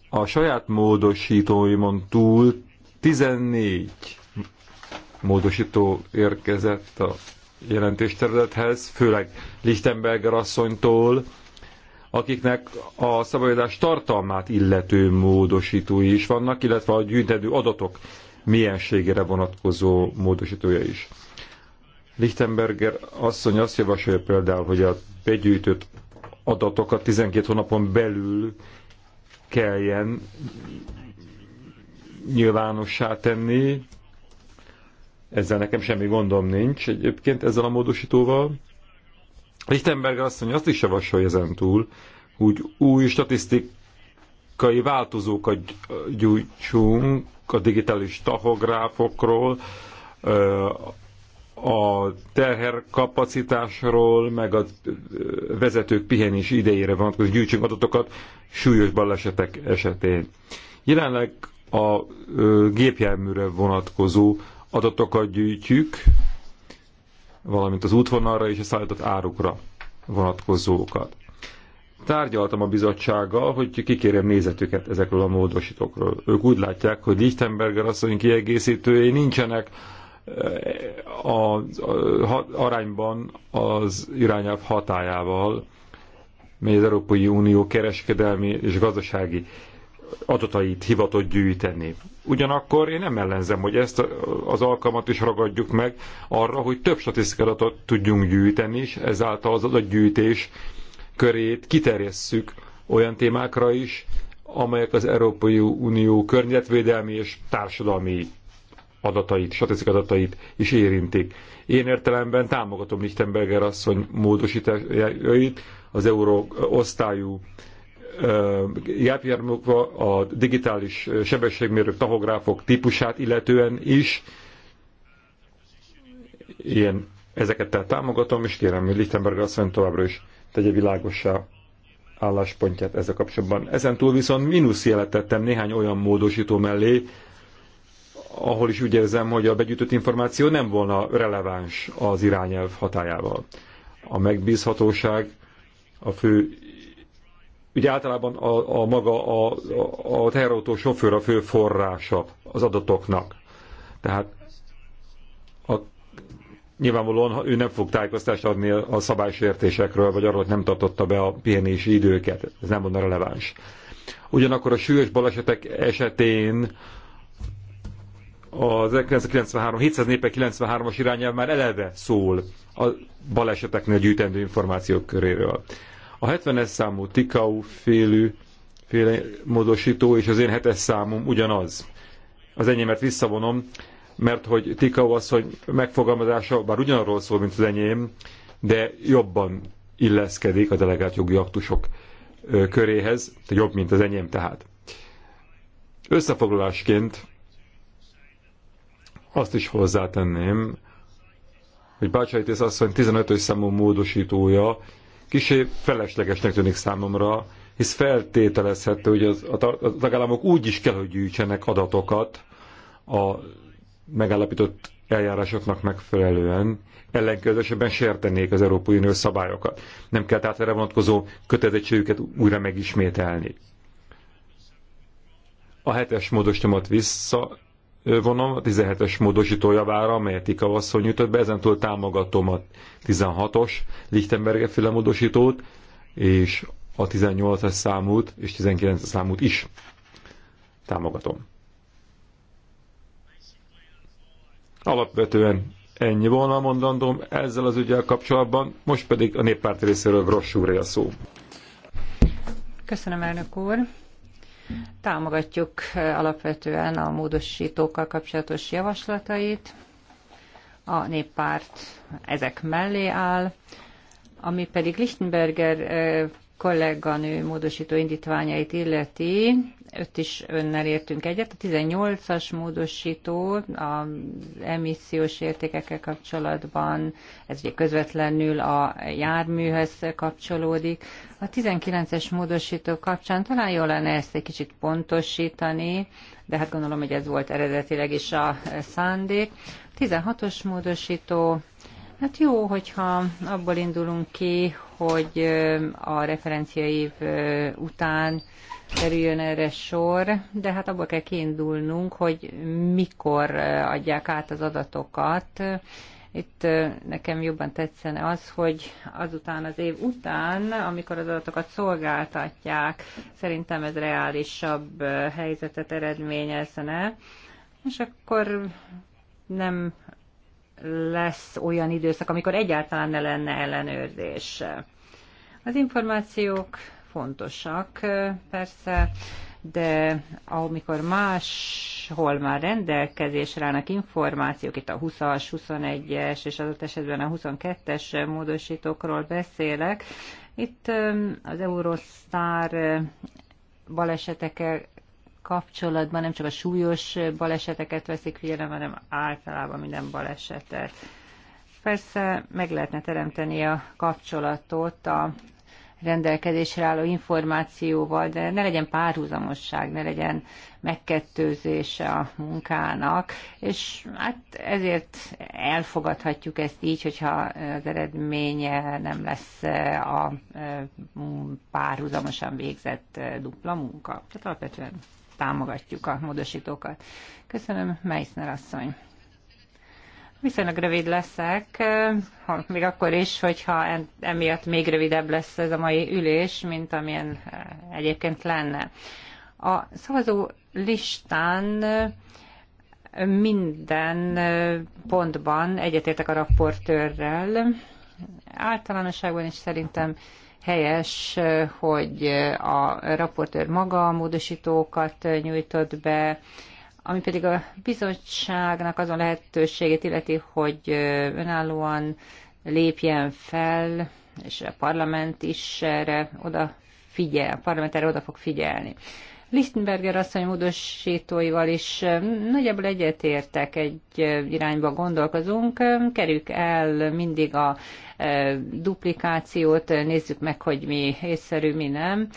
A saját módosítóimon túl 14 módosító érkezett a jelentésterülethez, főleg Lichtenberger asszonytól, akiknek a szabályozás tartalmát illető módosítói is vannak, illetve a gyűjtedő adatok mienségére vonatkozó módosítója is. Lichtenberger asszony azt javasolja például, hogy a begyűjtött adatokat 12 hónapon belül kelljen nyilvánossá tenni. Ezzel nekem semmi gondom nincs egyébként ezzel a módosítóval. Lichtenberger asszony azt is javasolja ezen túl, hogy új statisztikai változókat gyújtsunk a digitális tahográfokról, a terherkapacitásról, meg a vezetők pihenés idejére vonatkozó gyűjtsünk adatokat súlyos balesetek esetén. Jelenleg a gépjárműre vonatkozó adatokat gyűjtjük, valamint az útvonalra és a szállított árukra vonatkozókat. Tárgyaltam a bizottsággal, hogy kikérjem nézetüket ezekről a módosítókról. Ők úgy látják, hogy Lichtenberger asszony kiegészítői nincsenek az a, arányban az irányelv hatájával, mely az Európai Unió kereskedelmi és gazdasági adatait hivatott gyűjteni. Ugyanakkor én nem ellenzem, hogy ezt az alkalmat is ragadjuk meg arra, hogy több statisztikadatot tudjunk gyűjteni, és ezáltal az adatgyűjtés körét kiterjesszük olyan témákra is, amelyek az Európai Unió környezetvédelmi és társadalmi adatait, statisztikai adatait is érintik. Én értelemben támogatom Lichtenberger asszony módosításait, az euró osztályú járpjármokba a digitális sebességmérő tahográfok típusát illetően is. Ilyen, ezeket tehát támogatom, és kérem, hogy Lichtenberger asszony továbbra is tegye világossá álláspontját ezzel kapcsolatban. Ezen túl viszont jelet tettem néhány olyan módosító mellé, ahol is úgy érzem, hogy a begyűjtött információ nem volna releváns az irányelv hatájával. A megbízhatóság a fő ugye általában a, a maga a, a, a teherautó sofőr a fő forrása az adatoknak. Tehát a, nyilvánvalóan ő nem fog tájékoztást adni a szabálysértésekről, vagy arról, hogy nem tartotta be a pihenési időket. Ez nem volna releváns. Ugyanakkor a súlyos balesetek esetén az 1993, 700 népe 93-as irányelv már eleve szól a baleseteknél gyűjtendő információk köréről. A 70-es számú Tikau félű féle módosító és az én 7-es számom ugyanaz. Az enyémet visszavonom, mert hogy Tikau az, hogy megfogalmazása bár ugyanarról szól, mint az enyém, de jobban illeszkedik a delegált jogi aktusok köréhez, jobb, mint az enyém tehát. Összefoglalásként azt is hozzátenném, hogy Bácsaitész asszony 15 számú módosítója kisé feleslegesnek tűnik számomra, hisz feltételezhető, hogy az, a, a tagállamok úgy is kell, hogy gyűjtsenek adatokat a megállapított eljárásoknak megfelelően, ellenkezősebben sértenék az Európai Unió szabályokat. Nem kell tehát erre vonatkozó kötelezettségüket újra megismételni. A hetes módosítomat vissza vonom a 17-es módosító javára, amelyet Ika asszony jutott be, ezentúl támogatom a 16-os Lichtenberger féle módosítót, és a 18 es számút és 19-es számút is támogatom. Alapvetően ennyi volna a mondandóm ezzel az ügyel kapcsolatban, most pedig a néppárt részéről Gross úr a szó. Köszönöm, elnök úr. Támogatjuk eh, alapvetően a módosítókkal kapcsolatos javaslatait. A néppárt ezek mellé áll. Ami pedig Lichtenberger eh, kolléganő módosító indítványait illeti, öt is önnel értünk egyet. A 18-as módosító az emissziós értékekkel kapcsolatban, ez ugye közvetlenül a járműhöz kapcsolódik. A 19-es módosító kapcsán talán jól lenne ezt egy kicsit pontosítani, de hát gondolom, hogy ez volt eredetileg is a szándék. 16-os módosító Hát jó, hogyha abból indulunk ki, hogy a év után kerüljön erre sor, de hát abból kell kiindulnunk, hogy mikor adják át az adatokat. Itt nekem jobban tetszene az, hogy azután az év után, amikor az adatokat szolgáltatják, szerintem ez reálisabb helyzetet eredményezne, és akkor nem lesz olyan időszak, amikor egyáltalán ne lenne ellenőrzés. Az információk fontosak, persze, de amikor máshol már rendelkezésre állnak információk, itt a 20-as, 21-es és adott esetben a 22-es módosítókról beszélek, itt az Eurostar balesetek kapcsolatban nem csak a súlyos baleseteket veszik figyelembe, hanem általában minden balesetet. Persze meg lehetne teremteni a kapcsolatot a rendelkezésre álló információval, de ne legyen párhuzamosság, ne legyen megkettőzése a munkának, és hát ezért elfogadhatjuk ezt így, hogyha az eredménye nem lesz a párhuzamosan végzett dupla munka. Tehát alapvetően támogatjuk a módosítókat. Köszönöm, Meissner asszony. Viszonylag rövid leszek, ha, még akkor is, hogyha emiatt még rövidebb lesz ez a mai ülés, mint amilyen eh, egyébként lenne. A szavazó listán eh, minden eh, pontban egyetértek a raportőrrel. Általánosságban is szerintem helyes, hogy a raportőr maga a módosítókat nyújtott be, ami pedig a bizottságnak azon lehetőségét illeti, hogy önállóan lépjen fel, és a parlament is erre oda figyel, a parlament erre oda fog figyelni. Lichtenberger asszony módosítóival is nagyjából egyetértek, egy irányba gondolkozunk, kerüljük el mindig a duplikációt, nézzük meg, hogy mi észszerű, mi nem.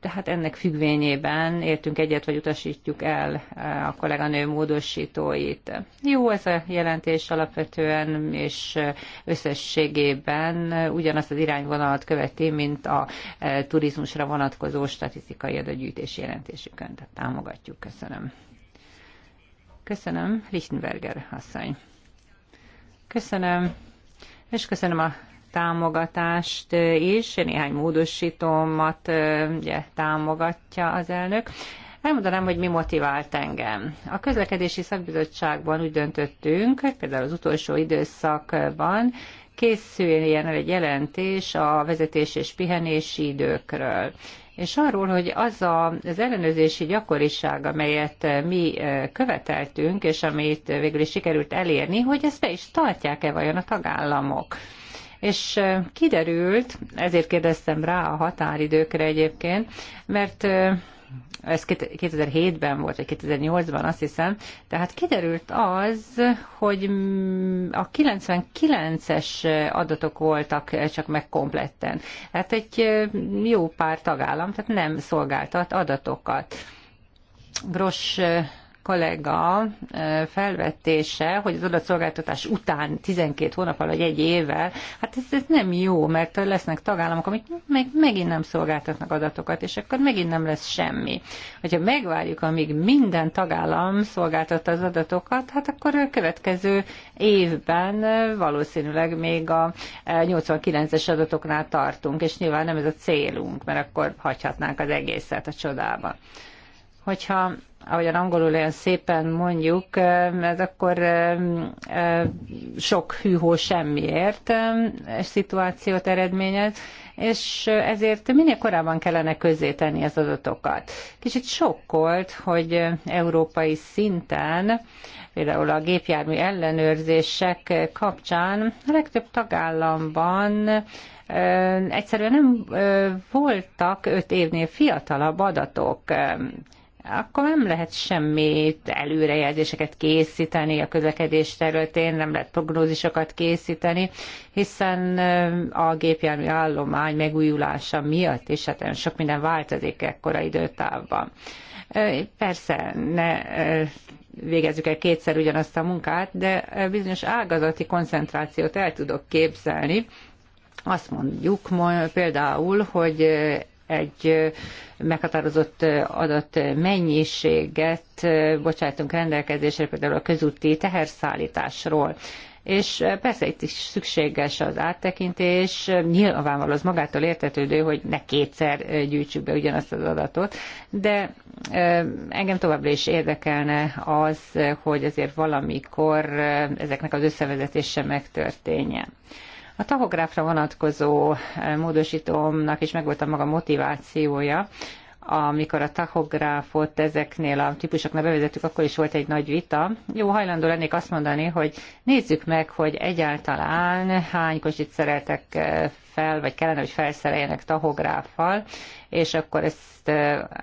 Tehát ennek függvényében értünk egyet, vagy utasítjuk el a kolléganő módosítóit. Jó ez a jelentés alapvetően, és összességében ugyanazt az irányvonalat követi, mint a turizmusra vonatkozó statisztikai adatgyűjtés jelentésükön. Tehát támogatjuk. Köszönöm. Köszönöm, Lichtenberger asszony. Köszönöm, és köszönöm a támogatást is, néhány módosítómat ugye, támogatja az elnök. Elmondanám, hogy mi motivált engem. A közlekedési szakbizottságban úgy döntöttünk, hogy például az utolsó időszakban készüljen el egy jelentés a vezetés és pihenési időkről és arról, hogy az a, az ellenőrzési gyakoriság, amelyet mi követeltünk, és amit végül is sikerült elérni, hogy ezt be is tartják-e vajon a tagállamok és kiderült, ezért kérdeztem rá a határidőkre egyébként, mert ez 2007-ben volt, vagy 2008-ban azt hiszem, tehát kiderült az, hogy a 99-es adatok voltak csak meg kompletten. Hát egy jó pár tagállam, tehát nem szolgáltat adatokat. Gross kollega felvetése, hogy az adatszolgáltatás után 12 hónap alatt egy évvel, hát ez, ez nem jó, mert lesznek tagállamok, amik meg, megint nem szolgáltatnak adatokat, és akkor megint nem lesz semmi. Hogyha megvárjuk, amíg minden tagállam szolgáltatta az adatokat, hát akkor a következő évben valószínűleg még a 89-es adatoknál tartunk, és nyilván nem ez a célunk, mert akkor hagyhatnánk az egészet a csodában hogyha ahogyan angolul olyan szépen mondjuk, eh, ez akkor eh, eh, sok hűhó semmiért szituációt eredményez, és ezért minél korábban kellene közzétenni az adatokat. Kicsit sokkolt, hogy európai szinten például a gépjármű ellenőrzések kapcsán a legtöbb tagállamban egyszerűen nem voltak öt évnél fiatalabb adatok akkor nem lehet semmit előrejelzéseket készíteni a közlekedés területén, nem lehet prognózisokat készíteni, hiszen a gépjármű állomány megújulása miatt, és hát sok minden változik ekkora időtávban. Persze, ne végezzük el kétszer ugyanazt a munkát, de bizonyos ágazati koncentrációt el tudok képzelni, azt mondjuk például, hogy egy meghatározott adat mennyiséget bocsájtunk rendelkezésre, például a közúti teherszállításról. És persze itt is szükséges az áttekintés, nyilvánvaló az magától értetődő, hogy ne kétszer gyűjtsük be ugyanazt az adatot, de engem továbbra is érdekelne az, hogy azért valamikor ezeknek az összevezetése megtörténjen. A tahográfra vonatkozó e, módosítómnak is megvolt a maga motivációja, amikor a tachográfot ezeknél a típusoknál bevezettük, akkor is volt egy nagy vita. Jó, hajlandó lennék azt mondani, hogy nézzük meg, hogy egyáltalán hány kocsit szereltek e, fel, vagy kellene, hogy felszereljenek tahográffal, és akkor ezt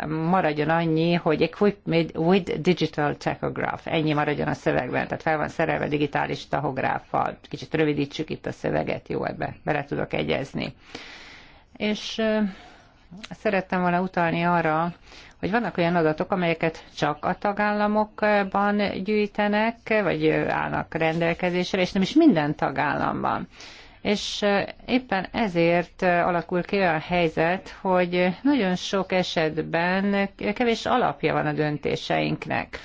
maradjon annyi, hogy equipped with digital tachograph. Ennyi maradjon a szövegben, tehát fel van szerelve digitális tahográffal. Kicsit rövidítsük itt a szöveget, jó, ebbe bele tudok egyezni. És szerettem volna utalni arra, hogy vannak olyan adatok, amelyeket csak a tagállamokban gyűjtenek, vagy állnak rendelkezésre, és nem is minden tagállamban. És éppen ezért alakul ki olyan helyzet, hogy nagyon sok esetben kevés alapja van a döntéseinknek.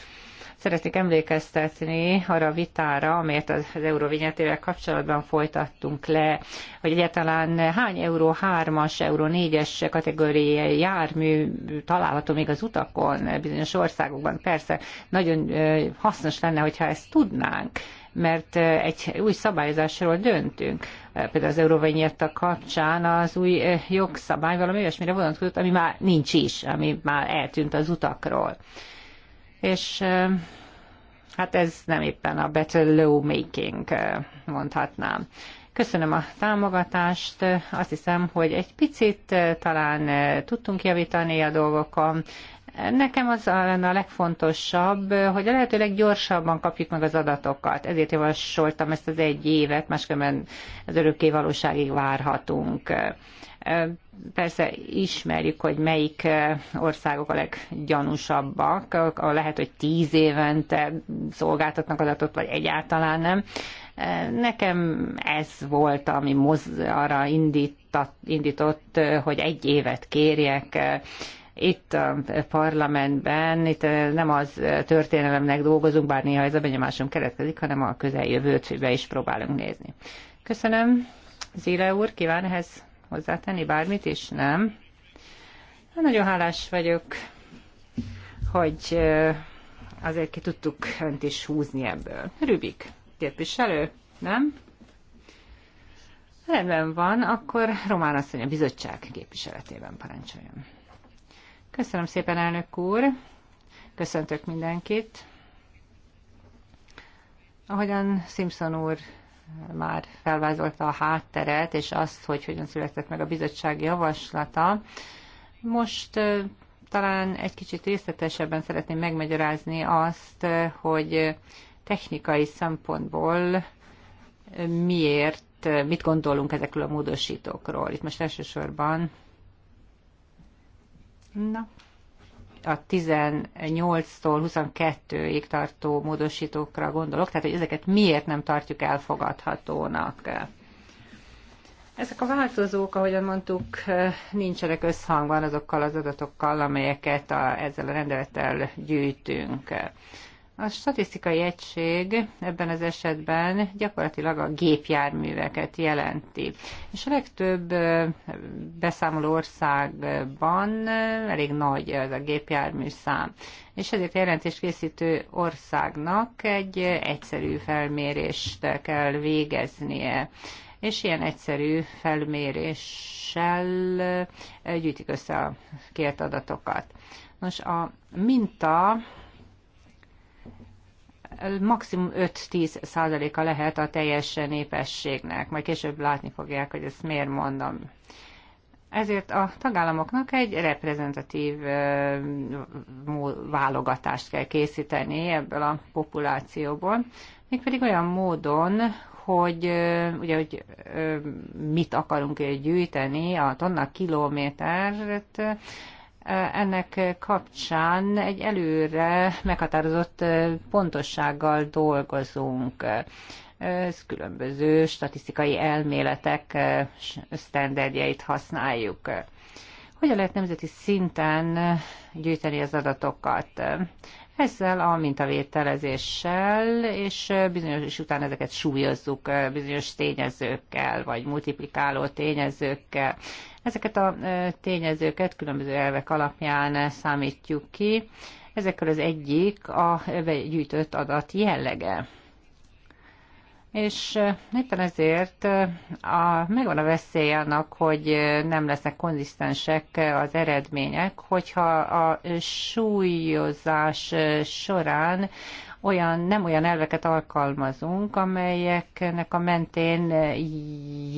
Szeretnék emlékeztetni arra a vitára, amelyet az euróvinyetével kapcsolatban folytattunk le, hogy egyáltalán hány euró 3-as, euró 4-es kategóriai jármű található még az utakon bizonyos országokban. Persze nagyon hasznos lenne, hogyha ezt tudnánk mert egy új szabályozásról döntünk. Például az euróvényetta kapcsán az új jogszabály valami olyasmire vonatkozott, ami már nincs is, ami már eltűnt az utakról. És hát ez nem éppen a better making mondhatnám. Köszönöm a támogatást. Azt hiszem, hogy egy picit talán tudtunk javítani a dolgokon, Nekem az lenne a legfontosabb, hogy a lehető leggyorsabban kapjuk meg az adatokat. Ezért javasoltam ezt az egy évet, máskülönben az örökké valóságig várhatunk. Persze ismerjük, hogy melyik országok a leggyanúsabbak, lehet, hogy tíz évente szolgáltatnak adatot, vagy egyáltalán nem. Nekem ez volt, ami moz, arra indított, indított, hogy egy évet kérjek, itt a parlamentben, itt nem az történelemnek dolgozunk, bár néha ez a benyomásom keretkezik, hanem a közeljövőt be is próbálunk nézni. Köszönöm. Zile úr, kíván ehhez hozzátenni bármit is? Nem. Hát nagyon hálás vagyok, hogy azért ki tudtuk önt is húzni ebből. Rübik, képviselő, nem? Rendben van, akkor Román asszony a bizottság képviseletében parancsoljon. Köszönöm szépen, elnök úr. Köszöntök mindenkit. Ahogyan Simpson úr már felvázolta a hátteret, és azt, hogy hogyan született meg a bizottság javaslata, most talán egy kicsit részletesebben szeretném megmagyarázni azt, hogy technikai szempontból miért, mit gondolunk ezekről a módosítókról. Itt most elsősorban Na, a 18-tól 22-ig tartó módosítókra gondolok, tehát hogy ezeket miért nem tartjuk elfogadhatónak. Ezek a változók, ahogyan mondtuk, nincsenek összhangban azokkal az adatokkal, amelyeket a, ezzel a rendelettel gyűjtünk. A statisztikai egység ebben az esetben gyakorlatilag a gépjárműveket jelenti. És a legtöbb beszámoló országban elég nagy ez a gépjármű szám. És ezért a jelentést készítő országnak egy egyszerű felmérést kell végeznie. És ilyen egyszerű felméréssel gyűjtik össze a kért adatokat. Nos, a minta maximum 5-10 százaléka lehet a teljes népességnek. Majd később látni fogják, hogy ezt miért mondom. Ezért a tagállamoknak egy reprezentatív válogatást kell készíteni ebből a populációból, mégpedig olyan módon, hogy ugye, hogy mit akarunk gyűjteni, a tonna kilométert, ennek kapcsán egy előre meghatározott pontossággal dolgozunk. Ez különböző statisztikai elméletek sztenderdjeit használjuk. Hogyan lehet nemzeti szinten gyűjteni az adatokat? ezzel a mintavételezéssel, és bizonyos, és utána ezeket súlyozzuk bizonyos tényezőkkel, vagy multiplikáló tényezőkkel. Ezeket a tényezőket különböző elvek alapján számítjuk ki. Ezekkel az egyik a gyűjtött adat jellege. És éppen ezért a, megvan a veszély annak, hogy nem lesznek konzisztensek az eredmények, hogyha a súlyozás során olyan, nem olyan elveket alkalmazunk, amelyeknek a mentén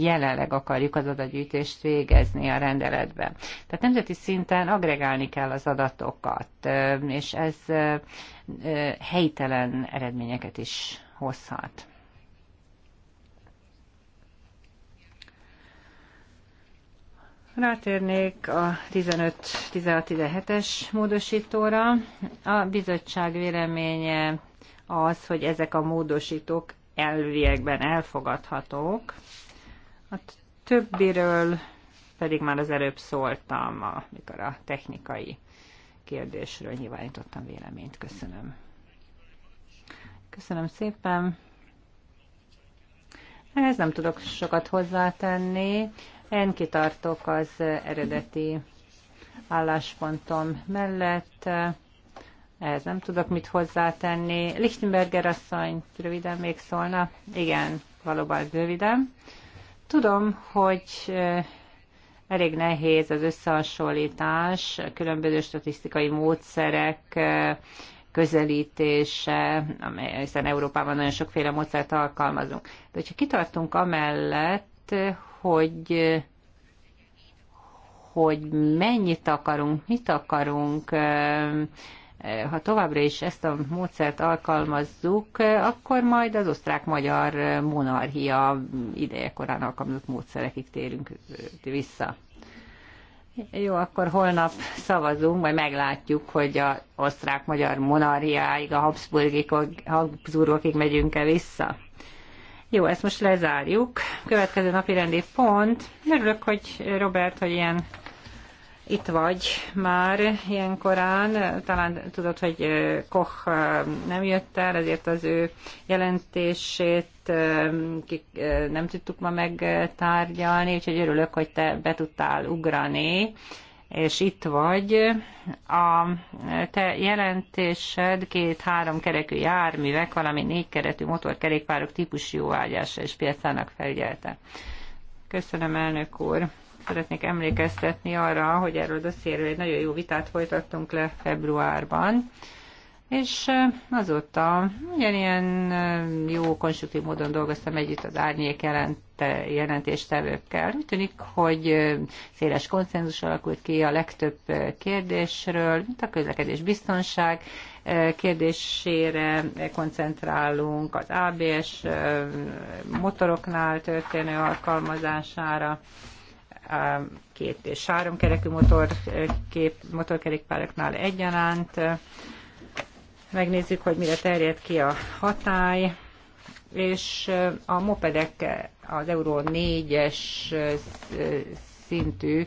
jelenleg akarjuk az adatgyűjtést végezni a rendeletben. Tehát nemzeti szinten agregálni kell az adatokat, és ez helytelen eredményeket is hozhat. Rátérnék a 15-16-17-es módosítóra. A bizottság véleménye az, hogy ezek a módosítók elviekben elfogadhatók. A többiről pedig már az előbb szóltam, amikor a technikai kérdésről nyilvánítottam véleményt. Köszönöm. Köszönöm szépen. Ez nem tudok sokat hozzátenni. Én kitartok az eredeti álláspontom mellett ehhez nem tudok mit hozzátenni. Lichtenberger asszony, röviden még szólna? Igen, valóban röviden. Tudom, hogy elég nehéz az összehasonlítás, különböző statisztikai módszerek közelítése, hiszen Európában nagyon sokféle módszert alkalmazunk. De hogyha kitartunk amellett, hogy hogy mennyit akarunk, mit akarunk, ha továbbra is ezt a módszert alkalmazzuk, akkor majd az osztrák-magyar monarchia idejekorán alkalmazott módszerekig térünk vissza. Jó, akkor holnap szavazunk, majd meglátjuk, hogy a osztrák-magyar monarchiáig, a Habsburgokig megyünk-e vissza. Jó, ezt most lezárjuk. Következő napi rendi pont. Örülök, hogy Robert, hogy ilyen itt vagy már ilyen korán, talán tudod, hogy Koch nem jött el, ezért az ő jelentését nem tudtuk ma megtárgyalni, úgyhogy örülök, hogy te be tudtál ugrani, és itt vagy. A te jelentésed két-három kerekű járművek, valami négy keretű motorkerékpárok típusú jóágyása és piacának felügyelte. Köszönöm, elnök úr! szeretnék emlékeztetni arra, hogy erről a dossziéről egy nagyon jó vitát folytattunk le februárban, és azóta ugyanilyen jó, konstruktív módon dolgoztam együtt az árnyék jelent, jelentéstevőkkel. Úgy tűnik, hogy széles konszenzus alakult ki a legtöbb kérdésről, mint a közlekedés biztonság kérdésére koncentrálunk, az ABS motoroknál történő alkalmazására, két és három kerekű motor, kép, motorkerékpároknál egyaránt. Megnézzük, hogy mire terjed ki a hatály, és a mopedek az Euró 4-es szintű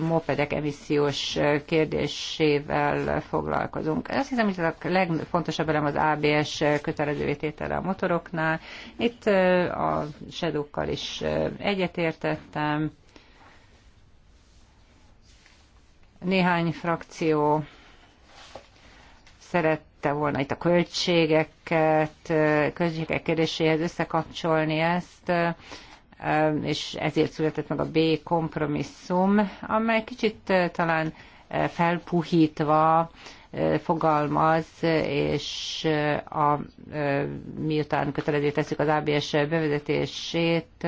mopedek emissziós kérdésével foglalkozunk. Azt hiszem, hogy a legfontosabb elem az ABS kötelezővé tétele a motoroknál. Itt a sedókkal is egyetértettem. Néhány frakció szerette volna itt a költségeket, költségek kérdéséhez összekapcsolni ezt, és ezért született meg a B kompromisszum, amely kicsit talán felpuhítva fogalmaz, és a, miután kötelezé tesszük az ABS bevezetését,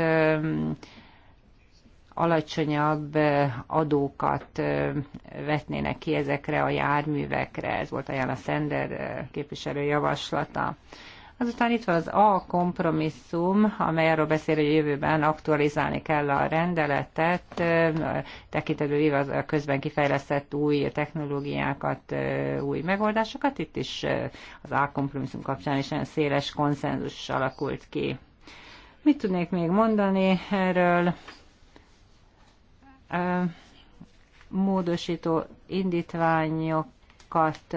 alacsonyabb adókat vetnének ki ezekre a járművekre. Ez volt ajánl a Szender képviselő javaslata. Azután itt van az A kompromisszum, amely arról beszél, hogy a jövőben aktualizálni kell a rendeletet, tekintető véve közben kifejlesztett új technológiákat, új megoldásokat. Itt is az A kompromisszum kapcsán is olyan széles konszenzus alakult ki. Mit tudnék még mondani erről? módosító indítványokat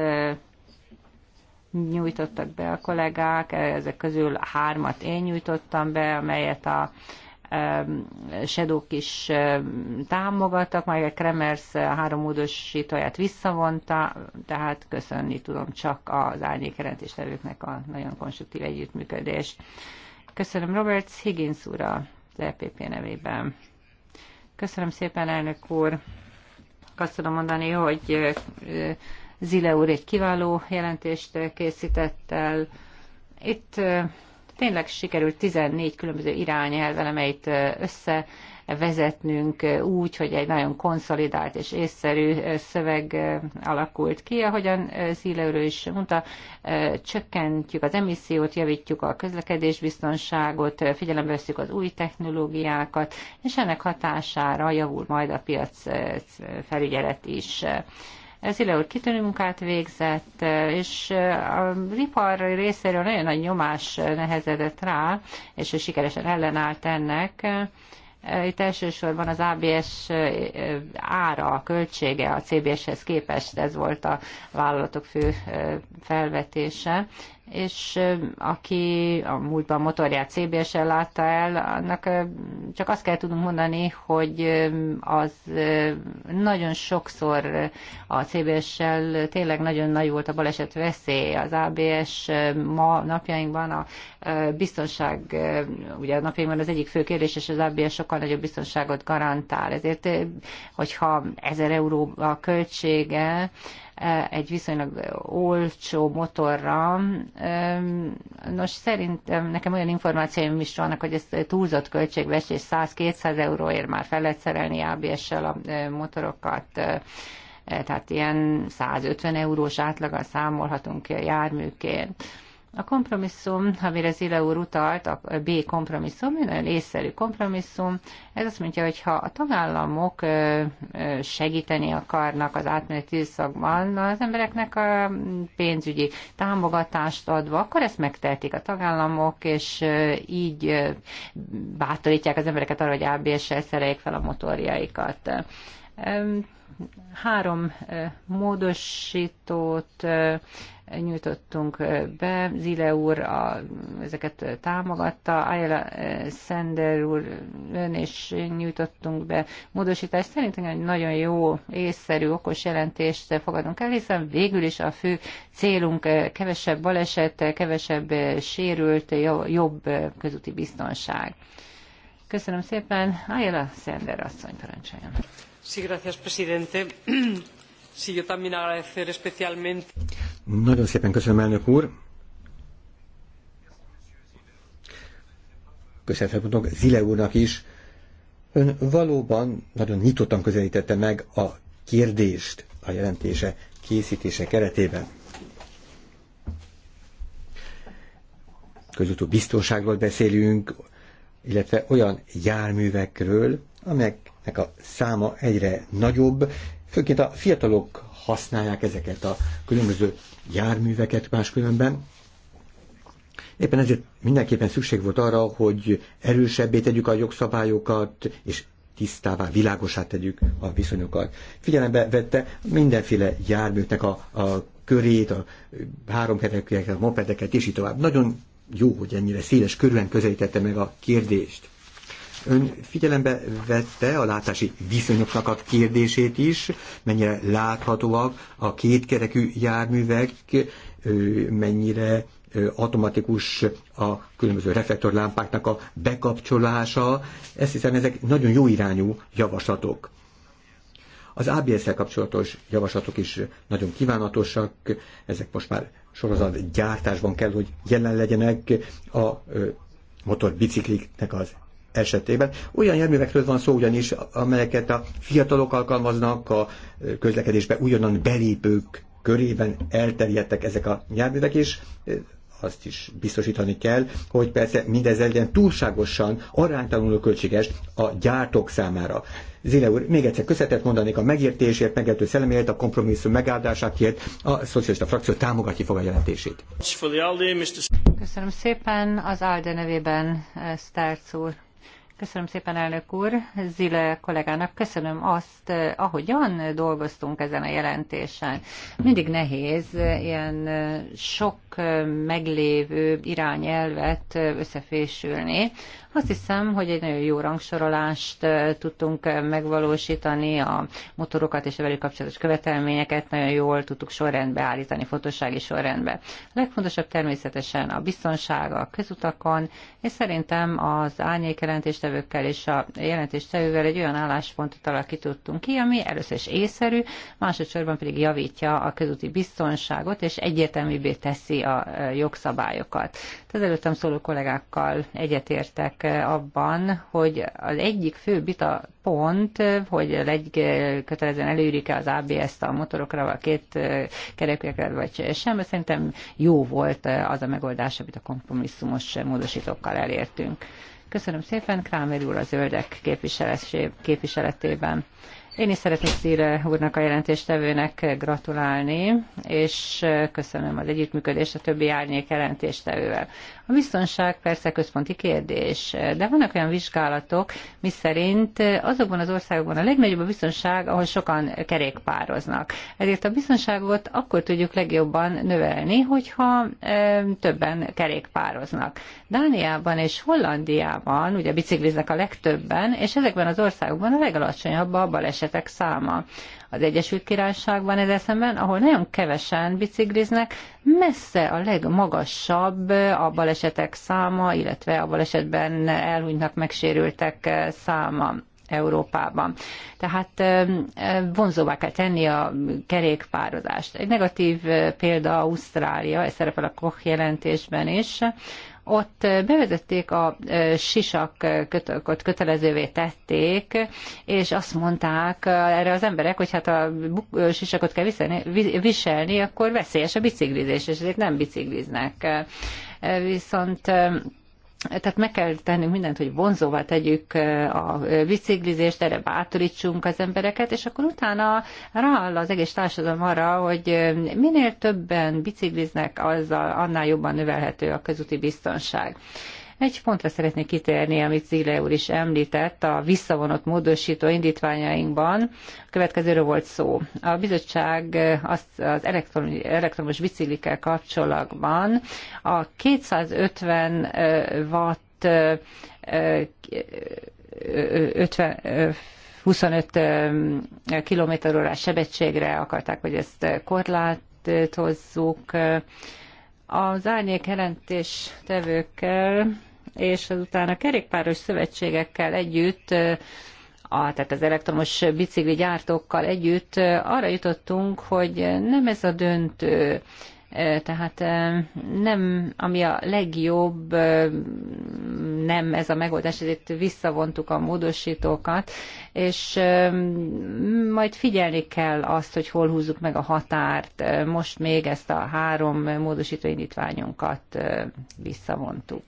nyújtottak be a kollégák, ezek közül hármat én nyújtottam be, amelyet a Sedók is támogattak, majd a Kremers három módosítóját visszavonta, tehát köszönni tudom csak az árnyékjelentéstevőknek a nagyon konstruktív együttműködést. Köszönöm Roberts Higgins úr a EPP nevében. Köszönöm szépen, elnök úr. Azt tudom mondani, hogy Zile úr egy kiváló jelentést készített el. Itt tényleg sikerült 14 különböző irányelvelemeit össze vezetnünk úgy, hogy egy nagyon konszolidált és észszerű szöveg alakult ki, ahogyan Szíleurő is mondta, csökkentjük az emissziót, javítjuk a biztonságot, figyelembe veszük az új technológiákat, és ennek hatására javul majd a piac felügyelet is. Szile úr kitűnő munkát végzett, és a ipar részéről nagyon nagy nyomás nehezedett rá, és ő sikeresen ellenállt ennek. Eh, itt elsősorban az ABS eh, ára, a költsége a CBS-hez képest, ez volt a vállalatok fő eh, felvetése, és aki a múltban motorját CBS-el látta el, annak csak azt kell tudunk mondani, hogy az nagyon sokszor a cbs tényleg nagyon nagy volt a baleset veszély. Az ABS ma napjainkban a biztonság, ugye a napjainkban az egyik fő kérdés, és az ABS sokkal nagyobb biztonságot garantál. Ezért, hogyha 1000 euró a költsége, egy viszonylag olcsó motorra. Nos, szerintem nekem olyan információim is vannak, hogy ez túlzott költségvetés, 100-200 euróért már fel lehet szerelni ABS-sel a motorokat, tehát ilyen 150 eurós átlaggal számolhatunk járműként a kompromisszum, amire Zile úr utalt, a B kompromisszum, egy nagyon észszerű kompromisszum. Ez azt mondja, hogy ha a tagállamok segíteni akarnak az átmeneti időszakban az embereknek a pénzügyi támogatást adva, akkor ezt megtehetik a tagállamok, és így bátorítják az embereket arra, hogy ABS-sel szereljék fel a motorjaikat. Három módosítót nyújtottunk be. Zile úr a, ezeket támogatta, Ayala eh, Sender úr ön is nyújtottunk be módosítást. Szerintem egy nagyon jó, észszerű, okos jelentést fogadunk el, hiszen végül is a fő célunk eh, kevesebb baleset, kevesebb eh, sérült, jobb közúti biztonság. Köszönöm szépen. Ayala Sender asszony parancsoljon. Sí, gracias, presidente. Nagyon szépen köszönöm, elnök úr. Köszönetet Zile úrnak is. Ön valóban nagyon nyitottan közelítette meg a kérdést a jelentése készítése keretében. Közútú biztonságról beszélünk, illetve olyan járművekről, amelyeknek a száma egyre nagyobb, főként a fiatalok használják ezeket a különböző járműveket máskülönben. Éppen ezért mindenképpen szükség volt arra, hogy erősebbé tegyük a jogszabályokat, és tisztává, világosá tegyük a viszonyokat. Figyelembe vette mindenféle járműknek a, a körét, a háromkerekűeket, a mopedeket, és így tovább. Nagyon jó, hogy ennyire széles körülön közelítette meg a kérdést. Ön figyelembe vette a látási viszonyoknak a kérdését is, mennyire láthatóak a kétkerekű járművek, mennyire automatikus a különböző reflektorlámpáknak a bekapcsolása. Ezt hiszem, ezek nagyon jó irányú javaslatok. Az ABS-szel kapcsolatos javaslatok is nagyon kívánatosak, ezek most már sorozat gyártásban kell, hogy jelen legyenek a motorbicikliknek az esetében. Olyan járművekről van szó ugyanis, amelyeket a fiatalok alkalmaznak, a közlekedésbe újonnan belépők körében elterjedtek ezek a járművek, és azt is biztosítani kell, hogy persze mindez legyen túlságosan, aránytalanul költséges a gyártók számára. Zile úr, még egyszer köszönetet mondanék a megértésért, megértő szellemért, a kompromisszum megáldásáért, a szocialista frakció támogatja fog a jelentését. Köszönöm szépen az ALDE nevében, Stárc úr. Köszönöm szépen, elnök úr. Zile kollégának köszönöm azt, eh, ahogyan dolgoztunk ezen a jelentésen. Mindig nehéz eh, ilyen eh, sok meglévő irányelvet összefésülni. Azt hiszem, hogy egy nagyon jó rangsorolást tudtunk megvalósítani, a motorokat és a velük kapcsolatos követelményeket nagyon jól tudtuk sorrendbe állítani, fontossági sorrendbe. A legfontosabb természetesen a biztonsága a közutakon, és szerintem az árnyékjelentést résztvevőkkel és a jelentéstevővel egy olyan álláspontot alakítottunk ki, ami először is észszerű, másodszorban pedig javítja a közúti biztonságot, és egyértelművé teszi a jogszabályokat. Az előttem szóló kollégákkal egyetértek abban, hogy az egyik fő vita pont, hogy egy kötelezően előírjuk-e az ABS-t a motorokra, vagy a két kerekekre, vagy sem. Szerintem jó volt az a megoldás, amit a kompromisszumos módosítókkal elértünk. Köszönöm szépen, Krámer úr a zöldek képviseletében. Én is szeretnék Szíre úrnak a jelentéstevőnek gratulálni, és köszönöm az együttműködést a többi árnyék jelentéstevővel. A biztonság persze központi kérdés, de vannak olyan vizsgálatok, miszerint azokban az országokban a legnagyobb a biztonság, ahol sokan kerékpároznak. Ezért a biztonságot akkor tudjuk legjobban növelni, hogyha többen kerékpároznak. Dániában és Hollandiában ugye bicikliznek a legtöbben, és ezekben az országokban a legalacsonyabb a balesetek száma az Egyesült Királyságban ezzel szemben, ahol nagyon kevesen bicikliznek, messze a legmagasabb a baleset balesetek száma, illetve a balesetben elhunytak, megsérültek eh, száma. Európában. Tehát eh, eh, vonzóvá kell tenni a kerékpározást. Egy negatív példa Ausztrália, ez szerepel a Koch jelentésben is, ott bevezették a sisak kötőkot, kötelezővé tették, és azt mondták erre az emberek, hogy hát a sisakot kell viselni, viselni akkor veszélyes a biciklizés, és ezért nem bicikliznek viszont tehát meg kell tennünk mindent, hogy vonzóvá tegyük a biciklizést, erre bátorítsunk az embereket, és akkor utána rááll az egész társadalom arra, hogy minél többen bicikliznek, az annál jobban növelhető a közúti biztonság. Egy pontra szeretnék kitérni, amit Zile úr is említett, a visszavonott módosító indítványainkban. A következőről volt szó. A bizottság az, az elektromos biciklikkel kapcsolatban a 250 watt 50 25 km órás sebességre akarták, hogy ezt korlátozzuk. Az árnyék jelentés tevőkkel és azután a kerékpáros szövetségekkel együtt a, tehát az elektromos bicikli gyártókkal együtt arra jutottunk, hogy nem ez a döntő, tehát nem, ami a legjobb, nem ez a megoldás, ezért visszavontuk a módosítókat, és majd figyelni kell azt, hogy hol húzzuk meg a határt. Most még ezt a három módosítóindítványunkat visszavontuk.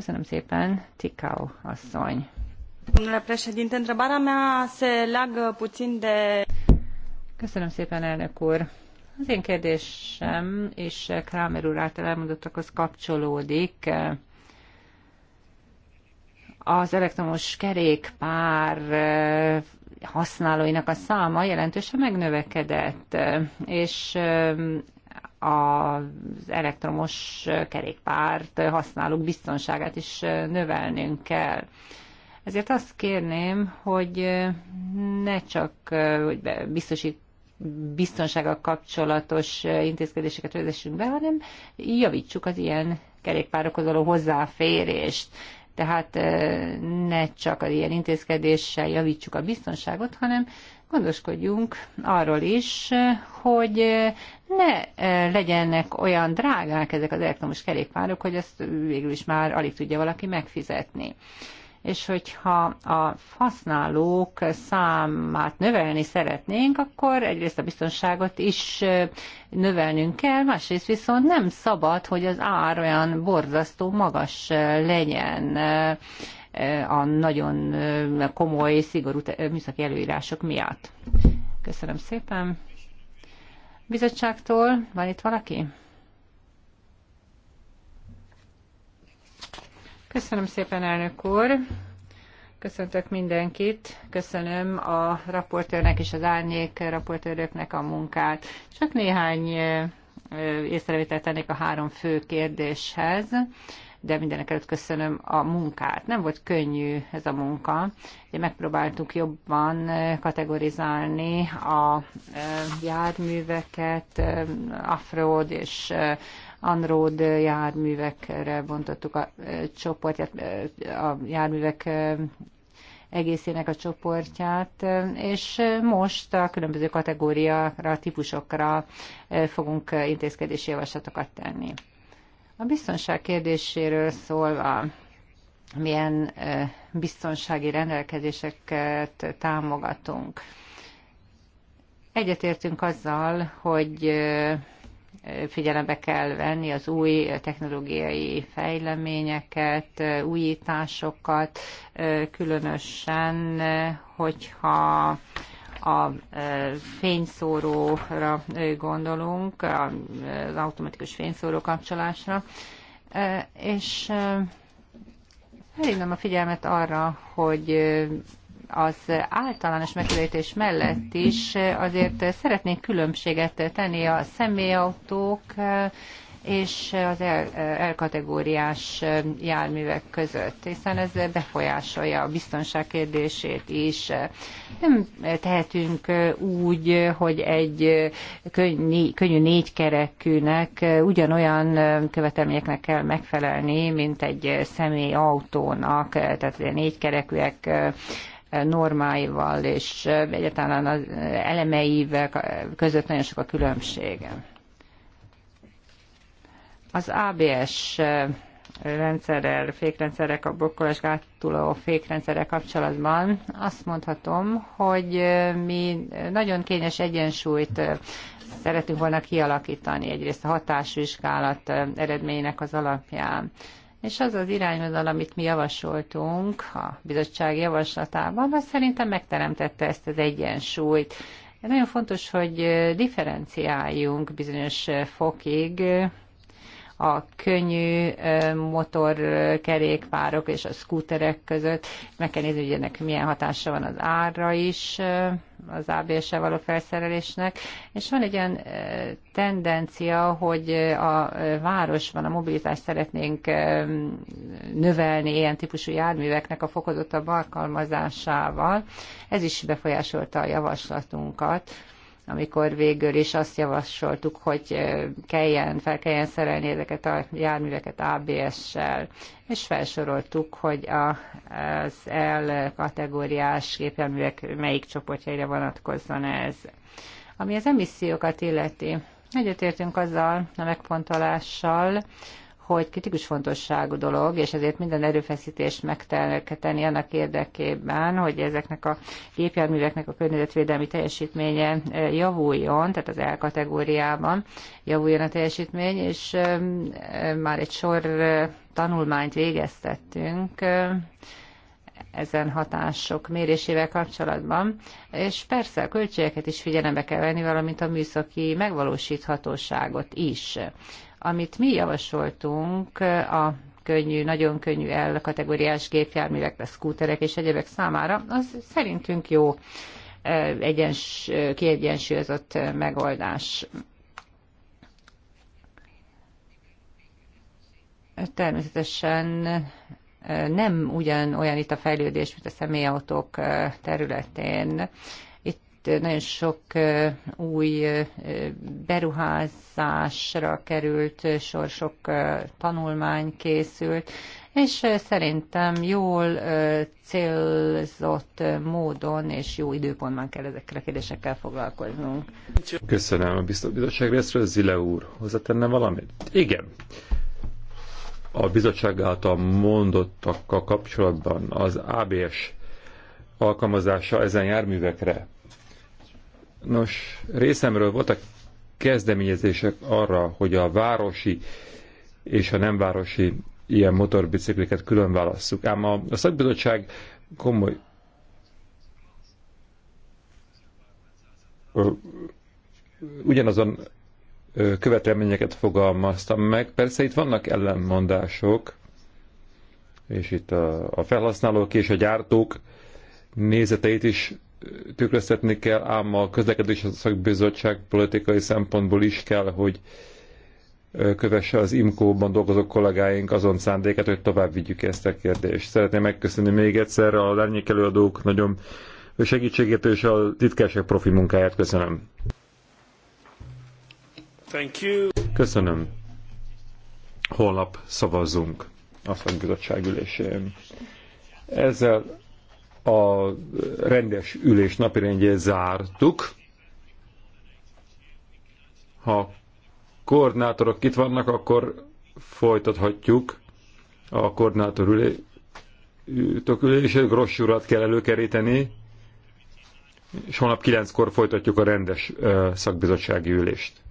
Köszönöm szépen, Tikau asszony. Domnule președinte, întrebarea mea se leagă puțin de... Köszönöm szépen, elnök úr. Az én kérdésem és Kramer úr által elmondottakhoz kapcsolódik. Az elektromos kerékpár használóinak a száma jelentősen megnövekedett, és az elektromos kerékpárt használók biztonságát is növelnünk kell. Ezért azt kérném, hogy ne csak hogy biztosít, biztonsága kapcsolatos intézkedéseket vezessünk be, hanem javítsuk az ilyen kerékpárokhoz való hozzáférést. Tehát eh, ne csak az ilyen intézkedéssel javítsuk a biztonságot, hanem gondoskodjunk arról is, hogy ne eh, legyenek olyan drágák ezek az elektromos kerékpárok, hogy ezt végül is már alig tudja valaki megfizetni és hogyha a használók számát növelni szeretnénk, akkor egyrészt a biztonságot is eh, növelnünk kell, másrészt viszont nem szabad, hogy az ár olyan borzasztó magas eh, legyen a nagyon komoly, szigorú műszaki előírások miatt. Köszönöm szépen. Bizottságtól van itt valaki? Köszönöm szépen, elnök úr. Köszöntök mindenkit, köszönöm a raportőrnek és az árnyék raportőröknek a munkát. Csak néhány észrevételt tennék a három fő kérdéshez de mindenek előtt köszönöm a munkát. Nem volt könnyű ez a munka. megpróbáltuk jobban eh, kategorizálni a eh, járműveket, afrod eh, és Andród járművekre bontottuk a csoportját, a járművek egészének a csoportját, és most a különböző kategóriára, típusokra fogunk intézkedési javaslatokat tenni. A biztonság kérdéséről szólva, milyen biztonsági rendelkezéseket támogatunk. Egyetértünk azzal, hogy figyelembe kell venni az új technológiai fejleményeket, újításokat, különösen, hogyha a fényszóróra gondolunk, az automatikus fényszóró kapcsolásra, és felhívnám a figyelmet arra, hogy az általános megközelítés mellett is azért szeretnék különbséget tenni a személyautók és az elkategóriás kategóriás járművek között, hiszen ez befolyásolja a biztonság kérdését is. Nem tehetünk úgy, hogy egy könnyű, könnyű négykerekűnek ugyanolyan követelményeknek kell megfelelni, mint egy személy autónak, tehát négykerekűek normáival és egyáltalán az elemeivel között nagyon sok a különbség. Az ABS rendszerrel, fékrendszerrel, a blokkolás gátuló fékrendszerrel kapcsolatban azt mondhatom, hogy mi nagyon kényes egyensúlyt szeretünk volna kialakítani egyrészt a hatásvizsgálat eredménynek az alapján. És az az irányvonal, amit mi javasoltunk a bizottság javaslatában, az szerintem megteremtette ezt az egyensúlyt. Nagyon fontos, hogy differenciáljunk bizonyos fokig a könnyű motorkerékpárok és a skúterek között. Meg kell nézni, hogy ennek milyen hatása van az árra is, az ABS-e való felszerelésnek, és van egy olyan tendencia, hogy a városban a mobilitást szeretnénk növelni ilyen típusú járműveknek a fokozottabb alkalmazásával. Ez is befolyásolta a javaslatunkat amikor végül is azt javasoltuk, hogy kelljen, fel kelljen szerelni ezeket a járműveket ABS-sel, és felsoroltuk, hogy a, az L kategóriás képjárművek melyik csoportjaira vonatkozzon ez. Ami az emissziókat illeti, egyetértünk azzal a megfontolással, hogy kritikus fontosságú dolog, és ezért minden erőfeszítést meg kell tenni annak érdekében, hogy ezeknek a gépjárműveknek a környezetvédelmi teljesítménye eh, javuljon, tehát az L e kategóriában javuljon a teljesítmény, és már egy sor eh, tanulmányt végeztettünk, eh, ezen hatások mérésével kapcsolatban, és persze a költségeket is figyelembe kell venni, valamint a műszaki megvalósíthatóságot is. Amit mi javasoltunk a könnyű, nagyon könnyű L kategóriás gépjárművek, a szkúterek és egyebek számára, az szerintünk jó e, egyens, e, kiegyensúlyozott e, megoldás. Természetesen nem ugyan olyan itt a fejlődés, mint a személyautók területén itt nagyon sok új beruházásra került sor, sok tanulmány készült, és szerintem jól célzott módon és jó időpontban kell ezekkel a kérdésekkel foglalkoznunk. Köszönöm a biztos bizottság részről, Zile úr. Hozzátenne valamit? Igen. A bizottság által mondottakkal kapcsolatban az ABS alkalmazása ezen járművekre Nos, részemről voltak kezdeményezések arra, hogy a városi és a nem városi ilyen motorbicikliket külön válasszuk. Ám a, a szakbizottság komoly ugyanazon követelményeket fogalmaztam meg. Persze itt vannak ellenmondások, és itt a, a felhasználók és a gyártók nézeteit is tükröztetni kell, ám a közlekedési szakbizottság politikai szempontból is kell, hogy kövesse az IMCO-ban dolgozó kollégáink azon szándékát, hogy tovább vigyük ezt a kérdést. Szeretném megköszönni még egyszer a előadók nagyon segítségét és a titkárság profi munkáját. Köszönöm. Thank you. Köszönöm. Holnap szavazzunk a szakbizottság ülésén. Ezzel a rendes ülés napirendje zártuk. Ha koordinátorok itt vannak, akkor folytathatjuk a koordinátor ülé... ülését. Gross urat kell előkeríteni, és holnap kilenckor folytatjuk a rendes szakbizottsági ülést.